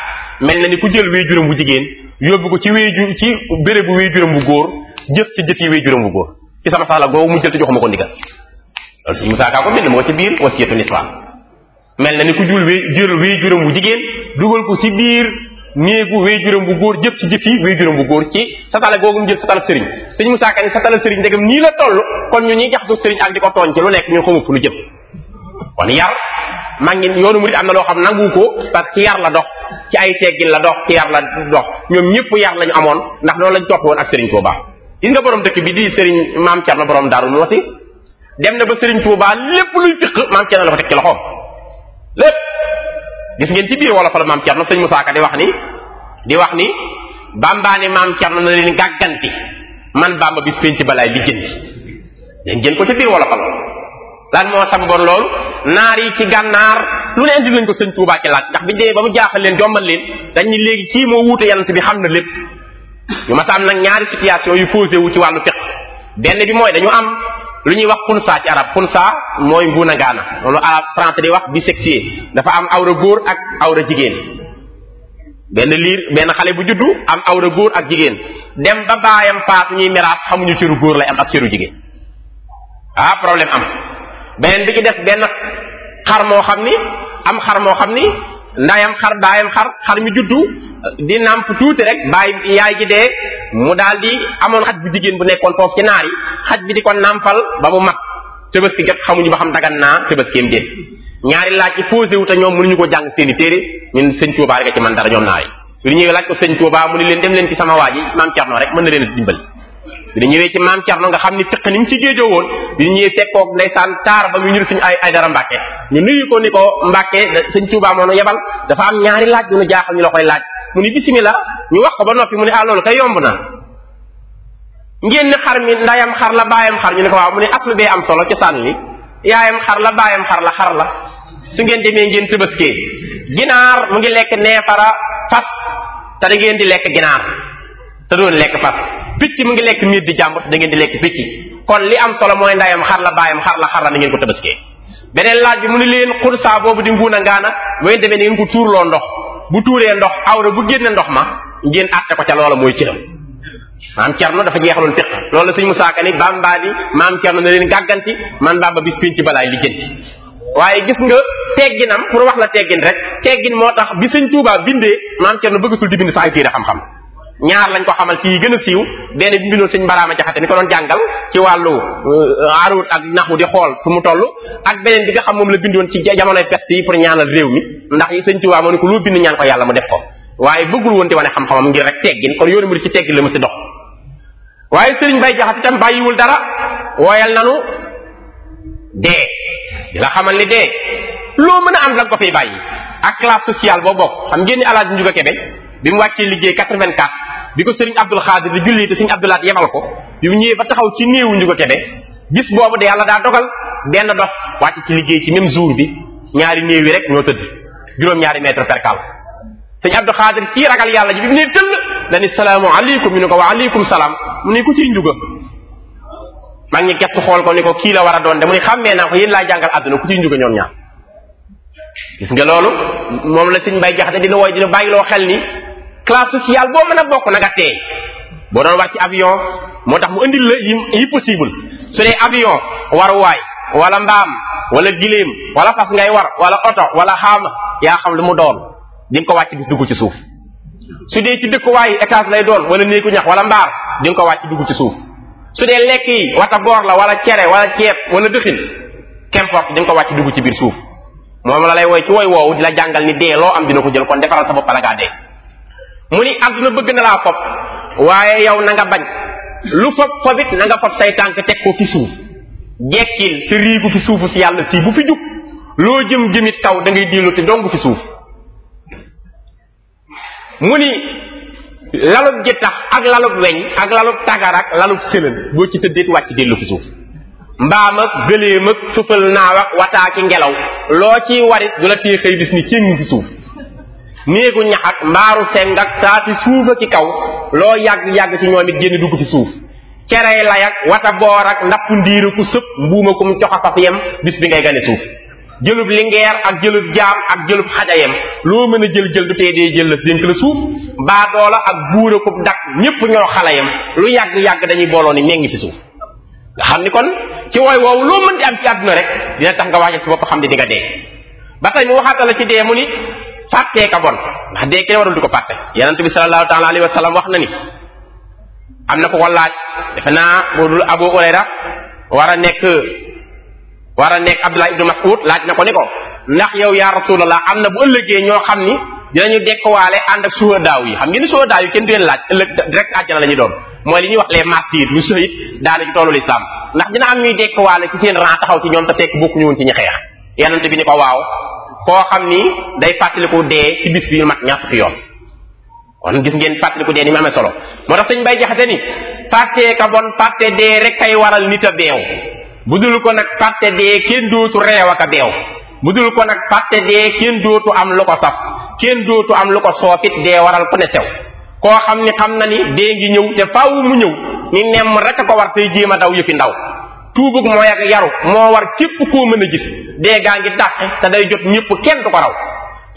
mel na ni ku jël wéy juróom bu jigéen yóbbu ko ci wéy ju ci bérébu wéy juróom bu góor jëf ci jëf yi wéy juróom ci sama sala googu mu jël te joxuma ko ndigal loolu ci biir wasiyatu niswa mel na ni jigéen dugal ko ci biir néegu wéejuram bu góor jëf ci jëf yi wéejuram bu góor ci satala googu mu jël satala sëriñ sëñ Moussa Ka ni satala sëriñ ndegam nii la toll kon ñu ñuy jaxasoo sëriñ ak di ko tooñ ci lu nekk ñun xamu fu lu jëm kon yar maa ngi mu murid am na loo xam nangu ko parce que ci yar la dox ci ay teggin la dox ci yar la dox ñoom ñëpp yar lañu amoon ndax loolu lañ topp woon ak sëriñ Touba gis nga borom dëkk bi di sëriñ maam Thierno borom moo ti dem na ba sëriñ Touba lépp luy fiq maam la ko teg ci loxoom gis ngeen ci biir wala fala maam Cerno sëñ Musaa Ka di wax ni di wax ni bambaane maam Cerno na leen gàgganti man bamba bis penc balaay bi jëndi leen jën ko ci biir wala fala lan moo sababoon loolu naar yi ci gànnaar lu ne indi lañ ko sëñ Tuubaa ci laaj ndax biñu demee ba mu jaaxal leen jombal leen dañ ni léegi kii moo wuute yant bi xam na lépp ñu masa am nag ñaari situation yu posé ci wàllu fiq benn bi mooy dañu am lu ñuy wax xunsa ci arab xunsa mooy mbuuna ngaana loolu arab français di wax bisexué dafa am awra góor ak awra jigéen benn liir benn xale bu juddu am awra góor ak jigéen dem ba baayam faatu ñuy miraas xamuñu cëru góor lay am ak cëru jigéen ah problème am beneen bi ci def benn xar moo xam ni am xar moo xam ni ndayam xar baayam xar xar mi juddu di nàmp tuuti rek bàyyi yaay ji dee mu daal di amoon xaj bu jigéen bu nekkoon foofu ci naar yi xaj bi di ko nàmpal ba mu mag tëbaski gat xamuñu ba xam dagan naa tëbaskeem dee ñaari laaj yi posé wu te ñoom mënuñu ko jàng seeni téere ñun sëñ Tuubaa rek a ci man dara ñoom naar yi li ñuy laaj ko sëñ Tuubaa mu ni leen dem leen ci sama waa ji maam Cerno rek mën na leen a dimbali bi ñu ñëwee ci maam Thierno nga xam ni fiq ni mu ci géejoo woon bi ñu ñëwee fekkoog ndeysaan taar ba mu ñur suñu ay ay dara Mbàkke ñu nuyu ko ni ko Mbàkke sëñ Tuubaa moo nu yebal dafa am ñaari laaj yu nu jaaxal ñu la koy laaj mu ni bismillah ñu wax ko ba noppi mu ne ah loolu yomb na ngeen xar mi ndayam xar la baayam xar ñu ne mu ne aslu bee am solo cosaan li yaayam xar la baayam xar la xar la su ngeen demee ngeen tëbaskee ginaar mu ngi lekk neefara fas te da ngeen di lekk ginaar te doon lekk fas picc mu ngi lekk miir di jàmbur da ngeen di lekk picc kon li am solo mooy ndayam xar la baayam xar la xar la na ngeen ko tabaskee beneen laaj bi mu ni leen xursaa boobu di nguun a ngaana bu ngeen demee ni ngeen ko tuurloo ndox bu tuuree ndox awra bu génne ndox ma ngeen àtte ko ca loola mooy cëram maam cerno dafa jeexaloon fiq loolu la suñ musaaka ni bambaadi maam cerno na leen gàgganti man bamba bis pinc balaay lijjanti waaye gis nga tegginam pour wax la teggin rek teggin moo tax bi sëñ tuubaa bindee maam cerno bëggatul di bind sa ay téere xam-xam ñaar lañ ko xamal ci yi gën a siiw benn bi bindoon sëñ baraama jaxate ni ko doon jàngal ci wàllu euh, arut ak naxu di xool fu mu toll ak beneen bi nga xam moom la bindoon ci jamonoy peste yi pour ñaanal réew mi ndax yi sëñ Tuubaa moo ko loo bind ñaan ko yàlla mu def ko waaye bëggul woon di wane xam-xamam ngir rek teggin kon yoonu murid ci teggin la mu si dox waaye sëriñ bay jaxate tam bàyyiwul dara wooyal nanu dee di la xamal ni dee loo mën a am la ko fiy bàyyi ak classe sociale boo bokk xam ngeen ni alaaj njuga kebe bi mu wàccee liggéey 84 bi ko sëriñ Abdul Xaadir di julli te sëriñ Abdulaat yemal ko bi mu ñëwee ba taxaw ci néewu ñu ko kebe bis boobu de yàlla daa dogal benn dof wàcc ci liggéey ci même jour bi ñaari néew yi rek ñoo tëdd juróom-ñaari mètre percal sëriñ Abdul Xaadir ci ragal yàlla ji bi mu ne tëll la ni salaamu aleykum ñu ne ko wa aleykum salaam mu ne ku ciy njuga mag ñi gestu xool ko ni ko kii la war a doon de mu ne xàmmee naa ko yéen laa jàngal àdduna ku ciy njuga ñoom ñaar gis nga loolu moom la sëñ bay jaxate dina wooy dina bàyyiloo xel ni classe sociale boo mën a bokk nag a boo doon wàcc avion moo tax mu indil la yi yi possible su dee avion waruwaay wala mbaam wala gileem wala fas ngay war wala oto wala xaama yaa xam lu mu doon di ko wàcc gis dugg ci suuf su dee ci dëkkuwaay étage lay doon wala néegu ñax wala mbaar di ko wàcc dugg ci suuf su dee lekk yi wata boor la wala cere wala ceeb wala dëxin qu'importe di nga ko wàcc dugg ci biir suuf moom la lay woy ci woy woowu di la jàngal ni dee loo am dina ko jël kon defaral sa bopp la ngaa dee mu ni àdduna bëgg na laa fob waaye yow na nga bañ lu fob fobit na nga fob say tànk teg ko fi suuf jekkil te riigu fi suufu si yàlla sii bu fi jug loo jëm jëmit kaw da ngay diilu te dong fi suuf mu ni lalub jittax ak lalub weñ ak lalub tagar ak lalub sëlën boo ci tëddeet wàcc dellu fi suuf mbaam ak gëléem ak fëfal naaw ak wataa ngelaw loo ciy warit du la téexëy bis ni céngi fi suuf néegu ñax ak mbaaru seng ak taati suufa ci kaw loo yàgg-yàgg ci ñoom it génn dugg ci suuf cerey layak wata boor ak ndapp ndiiru ku sëp mbuuma kum coxa a yem bis bi ngay gane suuf jëlub lingeer ak jëlub jaam ak jëlub xajayem loo mën a jël jël du tee dee jël la dénk la suuf baa doola ak buura ku dak ñépp ñoo xalayem lu yàgg-yàgg dañuy booloo ni mengi ci suuf nga xam ni kon ci woy woowu loo mën di am ci àdduna rek dina tax nga waajal si bopp xam ne di nga dee fàttee ka bon ndax dee kenn warul di ko fàtte yonent bi sallallahu taala alayhi wa sallam wax na ni am na ko ko laaj defe naa boo dul war a nekk war a nekk Abdullah ibnu Mas'ud laaj na ko ni ko ndax yow yaa rasulallah am na bu ëllëgee ñoo xam ni dinañu dekkwaale ànd ak suhadaaw yi xam ngeen ni suhadaaw yi kenn du leen laaj ëllëg direct àjjana la ñu doon mooy li ñuy wax les martyrs ñu sëyit daana ci toolul islam ndax dina am ñuy dekkwaale ci seen rang taxaw ci ñoom te fekk bokkuñu ci ñi xeex yonent bi ko waaw koo xam ni day fàttaliku dee ci bis bi yu mat ñaata fi yoon kon gis ngeen fàttaliku dee ni mu amee solo moo tax sëñ bay jaxate ni fàttee ka bon fàtte dee rek ay waral nit a beew bu dul ko nag fàtte dee kenn dootu reew ak a beew bu dul ko nag fàtte dee kenn dootu am lu ko saf kenn dootu am lu ko soofit dee waral ku ne sew koo xam ni xam na ni dee ngi ñëw te faaw mu ñëw ni nemm rek a ko war tey jéem a daw yëfi ndaw tuubug mooy ak yaru moo war képp koo mën a gis dee gaa ngi dàq te day jot ñépp kenn du ko raw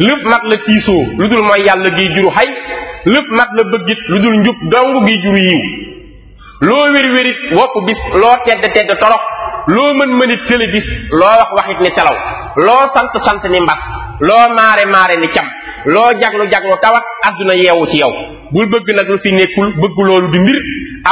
lépp mat la tiisoo lu dul mooy yàlla giy juru xay lépp mat la bëggit lu dul njub dong gi juru yiw loo wér wérit wopp bis loo tedd tedd torox loo mën mënit tële bis loo wax waxit ni selaw loo sant sant ni mbas loo maare maare ni cam loo jaglu jaglu tawat àdduna yeewu ci yow bul bëgg nag lu fi nekkul bëgg loolu di mbir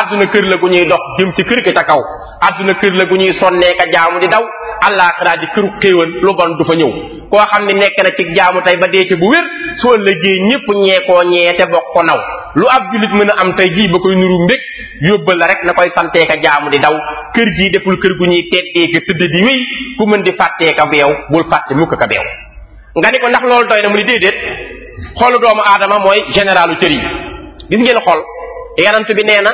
adduna kër la gu ñuy dox jëm ci kër gi ca kaw àdduna kër la gu ñuy sonnee ka jaamu di daw àllaaxira di këru xéewal lu bon du fa ñëw koo xam ne nekk na ci jaamu tey ba deece bu wér soo ëllëgee ñépp ñee koo ñee te bokk ko naw lu ab jullit mën a am tey jii ba koy nuru mbég yóbbal la rek na koy santee ka jaamu di daw kër gii deful kër gu ñuy teddee ka tëdd di wéy ku mën di fàttee ka beew bul fàtte mukk ka nga ni ko ndax loolu doy na mu ni déedéet xolu doomu aadama mooy généralu cër yi gis ngeen xol yanant bi nee na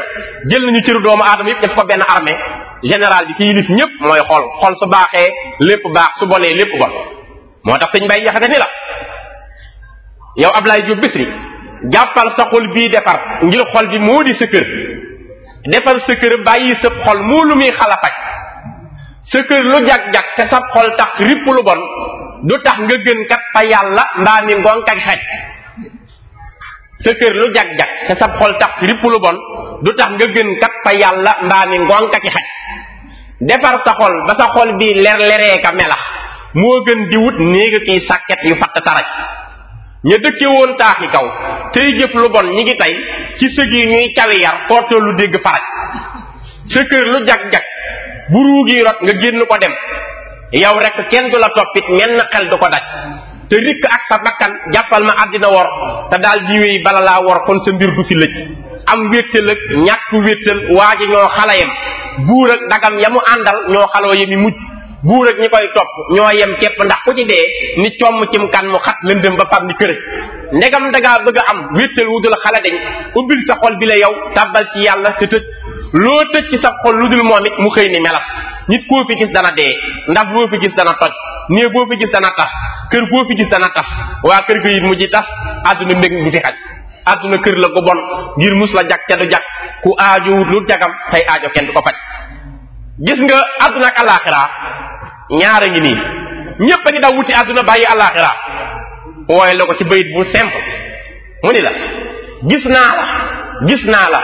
jël nañu cëru doomu aadama yëpp def ko benn armée général bi ki yilif ñëpp mooy xol xol su baaxee lépp baax su bonee lépp bon moo tax sëñ Baye Jaxate ni la yow Ablaye Diop Bichri jàppal sa xol bii defar ngir xol bi moo di sa kër defal sa kër bàyyi sa xol moo lu muy xalafaj sa kër lu jag-jag te sa xol tax ripp lu bon du tax nga gën kat fa yàlla mbaa mi ngonk ak xej sa kër lu jag-jag te sab xol tax ripp lu bon du tax nga gën kat fa yàlla mbaa mi ngonk ak xej defar sa xol ba sa xol bii ler leree ka melax moo gën di wut néega kiy sàkket yu fatt taraj ña dëkke woon yi kaw tey jëf lu bon ñi ngi tey ci sëg yi ñuy cawi yar footoo lu dégg faraj sa kër lu jag-jag bu ruugi rot nga génn ko dem yow rek kenn du la toppit menn xel du ko daj te rikk ak sa bakkan jàppal ma àddina wor te daal di wéy bala laa wor kon sa mbir du fi lëj am wéttal ak ñàkk wéttal waa ji ñoo xala yem buur ak dagam ya mu àndal ñoo xaloo yemi mujj buur ak ñi koy topp ñoo yem képp ndax ku ci dee ni comm cim kan mu xat lëndëm ba fam ni kërëj ndegam dangaa bëgg a am wéttal wudul xala deñ ubbil sa xol bi la yow tàbbal ci yàlla te tëj loo tëj ci sa xol lu dul moom it mu xëy ni melas nit koo fi gis dana dee ndax boo fi gis dana toj néew boo fi gis dana tas kër boo fi gis dana tas waa kër ga mu ji tas àdduna mbég bu fi xaj àdduna kër la gu bon ngir mus la jag ca du jag ku aajowut lu jagam say aajo kenn du ko faj gis nga àdduna ak alaxira ñaara ngi nii ñépp a ngi daw wuti àdduna bàyyi alaxira wooye la ko ci bayit bu simple mu ni la gis naa la gis naa la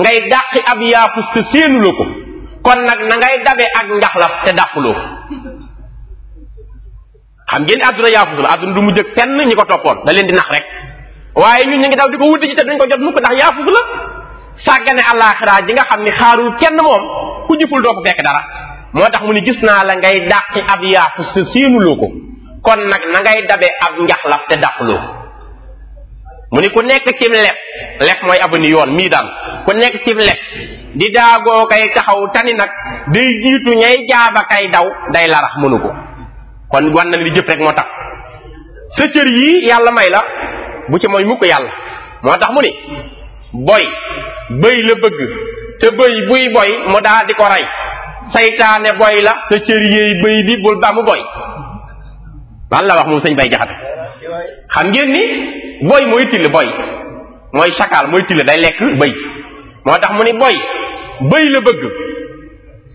ngay dàqi ab yaafus te séenu la ko kon nag na ngay dabe ak njaxlaf te dàquloo xam ngeen àdduna yaafu la àdduna du mu jëkk kenn ñi ko toppoon da leen di nax rek waaye ñun ñu ngi daw di ko wuti ci te duñ ko jot mukk ndax yaafus la sàggane àllaaxira ji nga xam ni xaarul kenn moom ku jëful doo ko fekk dara moo tax mu ni gis naa la ngay dàqi ab yaafus te séenuloo ko kon nag na ngay dabe ab njaxlaf te dàquloo mu ni ku nekk cim lef lef mooy abani yoon mii daan ku nekk cim lef di daagoo kay taxaw tani nag day jiitu ñay jaaba kay daw day larax mënu ko kon wan na li jëf rek moo tax sa cër yii yàlla may la bu ci mooy mukk yàlla moo tax mu ni boy bëy la bëgg te bëy buy boy mu daa di ko rey saytaane boy la sa cër yéey bëy bi bul ba mu boy lan la wax moom sëñ bay jaxat xam ngeen ni boy mooy till boy mooy sakaal mooy till day lekk bëy moo tax mu ni boy bëy la bëgg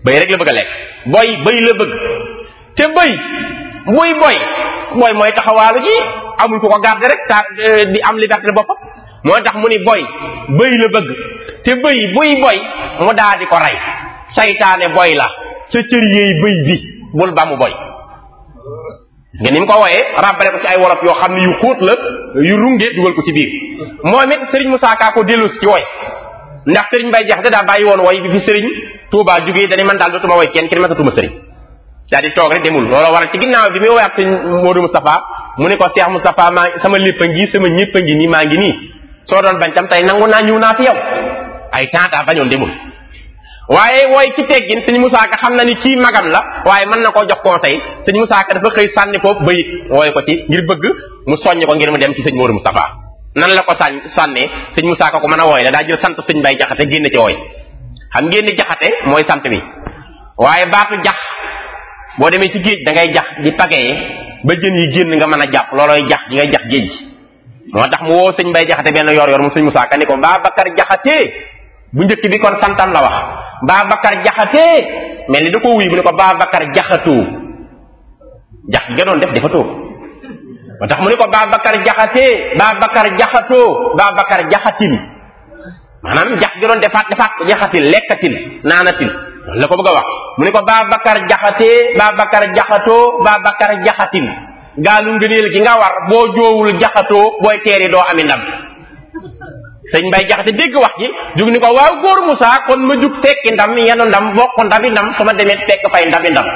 bëy rek la bëgg a lekk boy bëy la bëgg te bëy buy boy boy mooy taxawaalu ji amul ku ko garder rek ta e, di am liberté bopp moo tax mu ni boy bëy la bëgg te bëy buy boy mu daa di ko rey saytaane boy la sa cër yeey bëy bi bul ba mu boy nga ni mu ko wooyee ràbbale ko ci ay wolof yoo xam ne yu xóot la yu runge dugal ko ci biir moo it Serigne Moussa Ka ko ci woy ndax sëriñ Mbay Jaxate daa bàyyi woon woy bi fi sëriñ Touba jugee dañu man daal dootuma woy kenn kenn mënatuma sëriñ daal di toog rek demul looloo waral ci ginnaaw bi muy woy ak sëriñ Modou Moustapha mu ne ko Cheikh Moustapha maa sama lépp a ngi sama ñëpp a ngi nii maa ngi nii soo doon bañ tam tey nangu naa ñëw naa fi yow ay tanta bañoon demul waaye wooy ci teggin sëñ Moussa Ka xam na ni kii magam la waaye mën na koo jox conseil sëñ Moussa Ka dafa xëy sànni ko bay wooy ko ci ngir bëgg mu soññ ko ngir mu dem ci sëñ Modou Moustapha nan la ko sàn sànnee sëñ Moussa ko mën a wooy la daa jël sant sëñ Mbay Jaxate génne ci wooy xam ngeen ni jaxate mooy sant bi waaye baatu jax boo demee ci géej da ngay jax di pagayee ba jën yi génn nga mën a jàpp loolooy jax di ngay jax géej moo tax mu woo sëñ Mbay Jaxate benn yoor yor mu sëñ Moussa Ka ni ko Babacar Jaxate bu njëkk bi kon santam la wax Babacar Jaxate mel ni da ko wuy mu ne ko Babacar Jaxatoo jax gi nga doon def dafa toog ba tax mu ne ko Babacar jaxatee Babacar jaxatoo Babacar jaxatin maanaam jax gi doon defaat defaat ko jaxatin lekkatin naanatin loolu la ko bëgg a wax mu ne ko Babacar jaxatee Babacar jaxatoo Babacar jaxatin gaalu ngëneel gi nga war boo joowul jaxatoo booy teeri doo ami ndam sëñ Mbay jaxate dégg wax gi jug ni ko waaw góor Moussa kon ma jug fekki ndam yenu ndam bokk ndabi ndam sama demee fekk fay ndabi ndam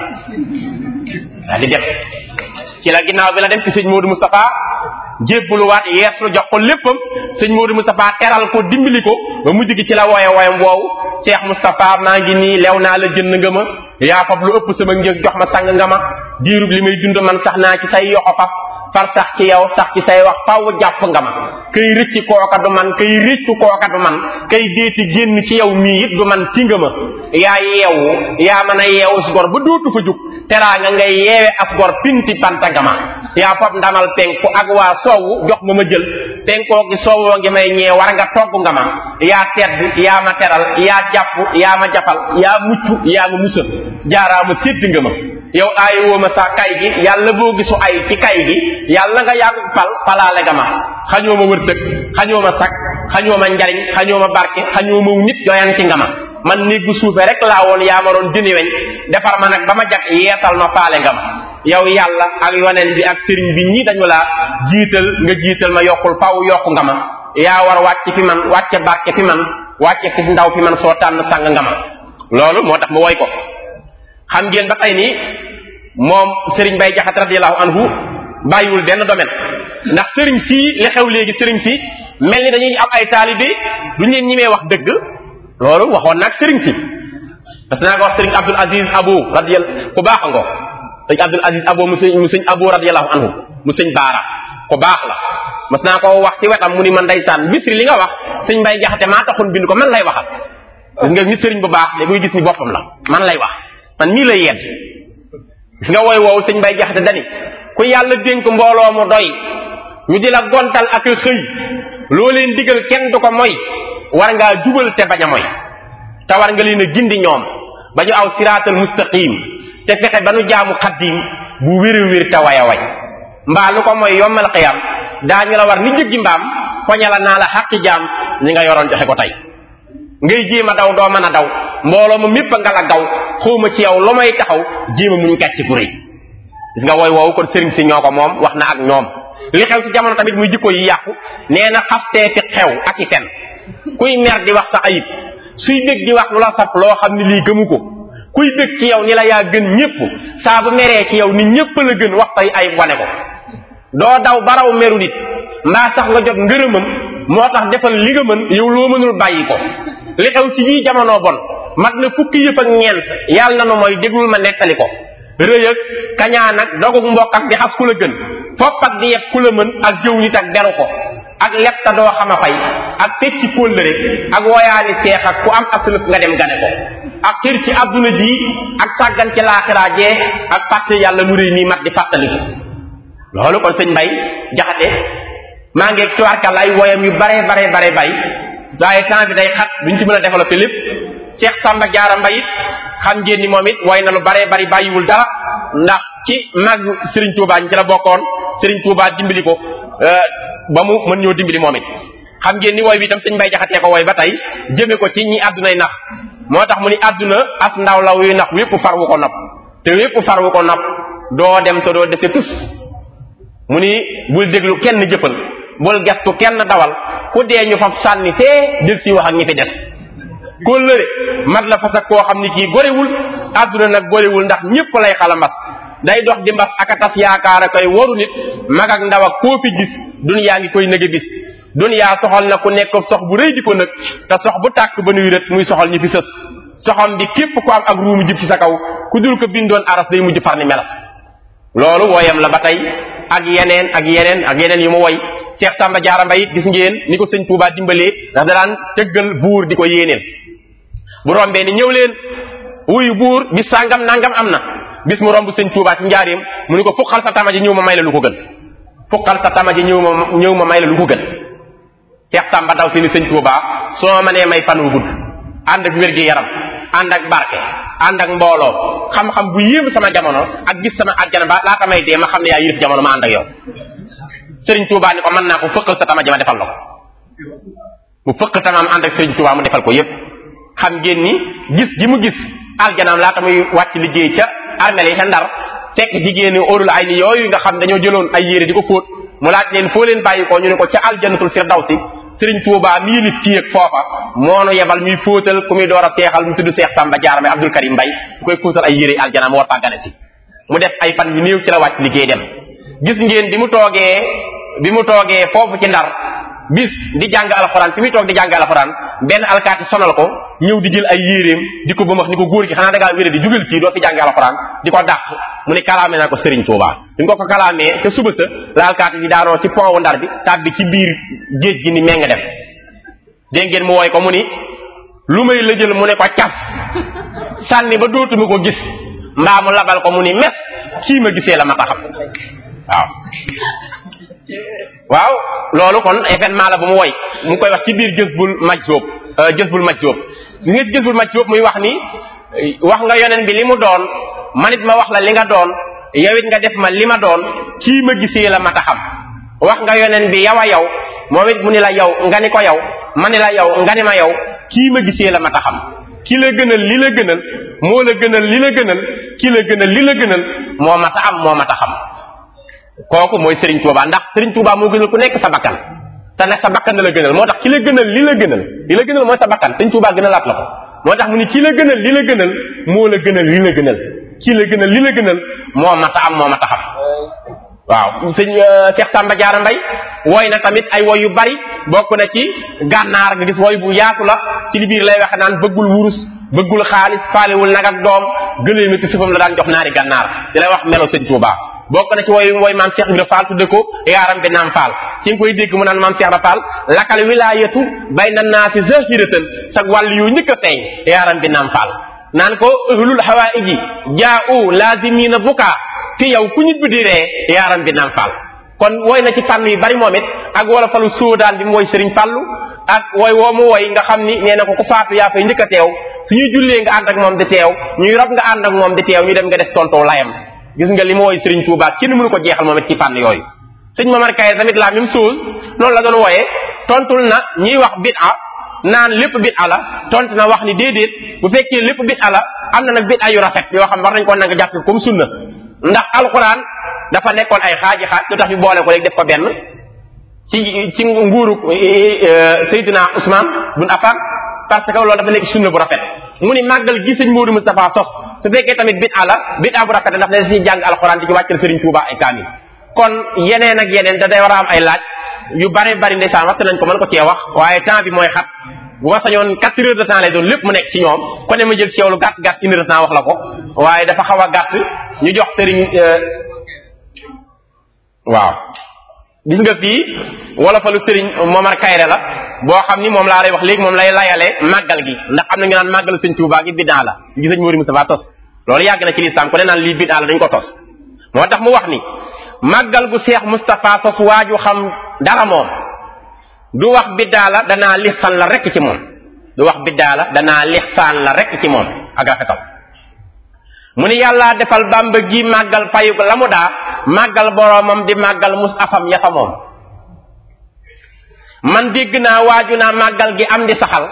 daal di def ci la ginnaaw bi na dem ci sëñ Modou Moustapha jébbaluwaat yeeslu jox ko léppam sëñ Modou Moustapha teral ko dimbali ko ba mujj gi ci la wooye wooyam woowu Cheikh Moustapha maa ngi nii lew naa la jënd nga ma yaa fab lu ëpp sama njëg jox ma sang nga ma diirub li may dund man sax naa ci say yoxo faf far sax ci yow sax ci say wax faw jàpp nga ma kay rëcci kooka du man kay rëccu kooka du man kay déeti génn ci yow mii it du man ci nga ma yaa yeewu yaa mën a yeewu si gor ba dootu fa jug teraa nga ngay yeewe as gor pinti pantagama yaa fab ndamal penku ak waa soowu jox ma ma jël penkoo gi soowoo ngi may ñee war nga togg nga ma yaa tedd yaa ma teral yaa jàpp yaa ma jafal yaa mucc yaa ma musal jaaraama sédd nga ma yow aayi woo ma saa kay gi yàlla boo gisu ay ci kay gi yàlla nga yàgg pal palaale ga ma xañoo ma wërsëg xañoo ma sag xañoo ma njariñ xañoo ma barke xañoo ma nit doyanti nga ma man néeg bu suufe rek laa woon yaa waroon doon dini weñ defar ma nag ba ma jag yeesal ma faale nga ma yow yàlla ak yoneen bi ak sëriñ bi ñii dañu laa jiital nga jiital ma yokkul faw yokk nga ma yaa war wàcc fi man wàcce barke fi man wàcce fi ndaw fi man soo tànn sang nga loolu moo tax mu woy ko xam ngeen ba tey nii moom Serigne Baye Jaxate radiyallahu anhu bàyyiwul benn domaine ndax Serigne fii li xew léegi Serigne fii mel ni dañuy ab ay taalibe duñ leen ñimee wax dëgg loolu waxoon naag sëriñ fii parce naa ko wax Serigne Abdul Aziz Abo radiyallahu ku baax ngoo Serigne Abdul Aziz Abo mu sëñ mu sëñ Abo radiyallahu anhu mu sëñ Baara ku baax la mas naa ko wax ci wetam mu ni man ndeysaan bisri li nga wax sëñ Baye Jaxate maa taxoon bind ko man lay waxal nga nit Serigne bu baax da ngay gis ni boppam la man lay wax. man mii lay yedd gis nga woy woowu sëñ bay jaxate dani ku yàlla dénk mbooloo mu doy ñu di la gontal ak xëy loo leen digal kenn du ko moy war ngaa jubal te bañ a moy te war nga leen a gindi ñoom ba ñu aw siraatal mustaqim te fexe ba nu jaamu xaddim bu wér wér te way a way mbaa lu ko mooy yommal xiyam daañu la war ni jëggi mbaam poñe la naa la xàqi jaam ñi nga yoroon joxe ko tey ngay jéem a daw doo mën a daw mbooloo ma mépp a nga la daw xawma ci yow lu may taxaw jéema muñ gàcc gu rëy gis nga wooy woowu kon sëriñ si ñoo ko moom wax na ak ñoom li xew ci jamono tamit muy jikko yi yàqu nee na xastee fi xew ak i fen kuy mer di wax sa ayib suy dégg di wax lu la saf loo xam ne lii gëmu ko kuy dégg ci yow ni la yaa gën ñëpp saa bu meree ci yow ni ñëpp la gën wax tay ayib wane ko doo daw baraw meru nit mbaa sax nga jot ngërëmam moo tax defal li nga mën yow loo mënul bàyyi ko li xew ci yii jamono bon mat na fukki yëf ak ñeent yàlla na nu mooy déglu ma nettali ko rëy ak kañaan ak dogug mbokk ak di xas ku la gën fopp ak di yeb ku la mën ak jëw nit ak beru ko ak leb ta doo xam a fay ak teg ci kóllëre ak woyaani seex ak ku am aslëf nga dem gane ko ak xër ci adduna ji ak sàggan ci laaxiraa ak fàtte yàlla mu réy mii mat di fàttaliku loolu kon sëñ mbay jaxate maa ngeeg tuwarkal ay woyam yu bare bare bare bay waaye temps bi day xat duñ ci mën a développer lépp Cheikh Samba Diarra Mbaye it xam ngeen ni moom it woy na lu baree bari bàyyiwul dara ndax ci mag Serigne Touba ñu ci la bokkoon Serigne Touba dimbali ko euh, ba mu mën ñoo dimbili moom it. xam ngeen ni woy bi itam sëñ Mbaye jaxatee ko woy ba tey jëme ko ci ñi àddunay nax moo tax mu ni àdduna as ndaw la wuy nax wépp far wu ko nopp te wépp far wu ko nopp doo dem te doo dese tus mu ni bul déglu kenn jëppal bul gestu kenn dawal ku dee ñu fab sànni fee dil si wax ak ñi fi des kóllëre mat la fas ak koo xam ni kii gorewul àdduna nag gorewul ndax ñëpp lay xala mbas day dox di mbas ak a tas yaakaar a koy waru nit mag ak ndaw ak koo fi gis duniyaa ngi koy nëgë bis duniyaa soxal na ku nekk sox bu rëy di ko nëg te sox bu tàkk ba nuy rët muy soxal ñi fi sës soxam bi képp ku am ak ruumu jib ci sa kaw ku dul ko doon aras day mujj far ni melas loolu wooyam la ba tey ak yeneen ak yeneen ak yeneen yu mu woy Cheikh Samba Diarra Mbaye it gis ngeen ni ko sëñ Touba dimbalee ndax daan tëggal buur di ko yéeneel bu rombee ni ñëw leen wuyu buur bis sàngam nangam am na bis mu romb sëñ Touba ci njaareem mu ni ko fuqal sa tama ji ñëw ma may la lu ko gën fuqal sa tama ji ñëw ma ñëw ma may la lu ko gën Cheikh Samba daw si ni sëñ Touba soo ma mënee may fan wu gudd ànd ak wér-gi yaram ànd ak barke ànd ak mbooloo xam-xam bu yéem sama jamono ak gis sama àjjana ba laata may dee ma xam ne yaa jamono ma yow sëriñ Touba ni ko mën naa ko fëqal sa tama ji ma defal la ko mu fëq tamaam ànd ak sëriñ Touba mu defal ko yépp xam ngeen ni gis gi mu gis aljanaam laata muy wàcc liggéey ca armel yi ca ndar fekk jigéeni óorul ay ni yooyu nga xam dañoo jëloon ay yére di ko fóot mu laaj leen foo leen bàyyi ko ñu ne ko ca aljanatul firdawsi sëriñ Touba mii ni fii ak foofa moo nu yebal muy fóotal ku muy door a seexal mu tudd Seex Samba Jaara Mbay Abdul Karim Mbay bu koy fóotal ay yére aljanaam war faa gane mu def ay fan yu néew ci la wàcc liggéey dem bi mu toogee foofu ci ndar bis di jàng alxuraan fi muy toog di jàng alxuraan benn alkaati sonal ko ñëw di jël ay yéreem di ko bëmax ni ko góor gi xanaa da ngaa wéré di jugal kii doo fi jàng alxuraan di ko dàq mu ne kalaamee naa ko Serigne Touba. bi nga ko kalaamee te suba sa la alkaati bi daanoo ci pont wu ndar bi tàbbi ci biir géej gi ni mee nga def dégg ngeen mu wooy ko mu ni lu may la jël mu ne ko cas sànni ba dootuma ko gis mbaa mu labal ko mu ni mes kii ma gisee la ma taxam waaw loolu kon événement la bu mu woy mu ngi koy wax ci biir jësbul majzub euh, jësbul majzub li nga jësbul majzub muy wax ni wax nga yoneen bi li mu doon manit ma wax la li nga doon yow nga def ma li ma doon kii ma gisee la mat a xam wax nga yoneen bi yow a yow moom it mu ni la yow nga ni ko yow ma ni la yow nga ni ma yow kii ma gisee la mat a xam ki la gënal li la gënal moo la gënal li la gënal kii la gënal li la gënal moo mat a am moo mat a xam kooku mooy Serigne Touba ndax Serigne Touba moo gënal ku nekk sa bakkan te nag sa bakkan la gënal moo tax ki la gënal li la gënal li la gënal mooy sa bakkan Serigne Touba gënalaat la moo tax mu ni ki la gënal li la gënal moo la gënal li la gënal ki la gënal li la gënal moo mat a am moo a xam waaw sëñ Cheikh Samba Diarra Mbaye wooy na tamit ay woy yu bari bokk na ci gànnaar nga gis woy bu yaatu la ci li biir lay waxe naan bëggul wurus bëggul xaalis faalewul nag ak doom gëléem ci sëfam la daan jox naari gànnaar di lay wax melo sëñ Touba bokk na ci woy woy maam Cheikh Ibra Fall tudde ko yaaram bi naam Fall ci nga koy dégg mu naan maam Cheikh Ibra Fall laa wilaayatu bay na naa si zahiratan sa wall yu njëkk a feeñ yaaram bi naam Fall naan ko ahlul hawaiji jaa'u laazimina buka fi yow ku ñit bi di ree yaaram kon woy na ci fànn yu bari moom it ak wala falu soodaan bi mu woy Serigne Fallu ak woy woo mu woy nga xam ni nee na ko ku faatu yaa fay njëkk a teew suñuy jullee nga ànd ak moom di teew ñuy rob nga ànd ak moom di teew ñu dem nga des tontoo layam gis nga li mu woy Serigne Touba kenn mënu ko jeexal moom it ci fànn yooyu sëñ Mamar Kaye tamit la même chose noonu la doon wooyee tontul na ñiy wax a naan lépp bid'a la tontu na wax ni déedéet bu fekkee lépp bid'a la am na nag bid'a yu rafet yoo xam war nañ koo nanga jàpp comme sunna ndax alquran dafa nekkoon ay xaaji xaaj lu tax ñu boole ko léegi def ko benn ci ci nguuru eh, eh, naa Ousmane bun Affan parce que loolu dafa nekk sunna bu rafet mu ni màggal gi sëñ Moodu Moustapha sos su fekkee tamit bit ala bit bu rafet ndax dañ siy jàng alxuraan di ci wàccal Serigne Touba ay kaamil kon yeneen ak yeneen da day war a am ay laaj yu bare bari ndeysaan waxtu nañ ko mën ko cee wax waaye temps bi mooy xat bu ma sañoon quatre heures de temps lay doon lépp mu nekk ci ñoom ku ne ma jël ci yow lu gàtt gàtt une heure de wax la ko waaye dafa xaw a gàtt ñu jox Serigne euh, waaw di ngëf yi wala fa lu sëriñ Momar Kayre la boo xam ni moom laa lay wax léegi moom lay layalee màggal gi ndax am na nga naan màggalu sëñ Tuubaa gi biddaa la gi sëñ Mori Moustapha tos loolu yàgg na ci lislaam ko moo tax mu wax ni màggal gu Cheikh Moustapha sos waaju xam dara moom du wax biddaa la danaa lixsaan la rek ci moom du wax biddaa la danaa lixsaan la rek ci moom ak rafetal mu ni yàllaa defal Bàmba gi màggal fayu la mu daa màggal boroomam di màggal musafam ya fa moom man dégg naa waaju naa màggal gi am di saxal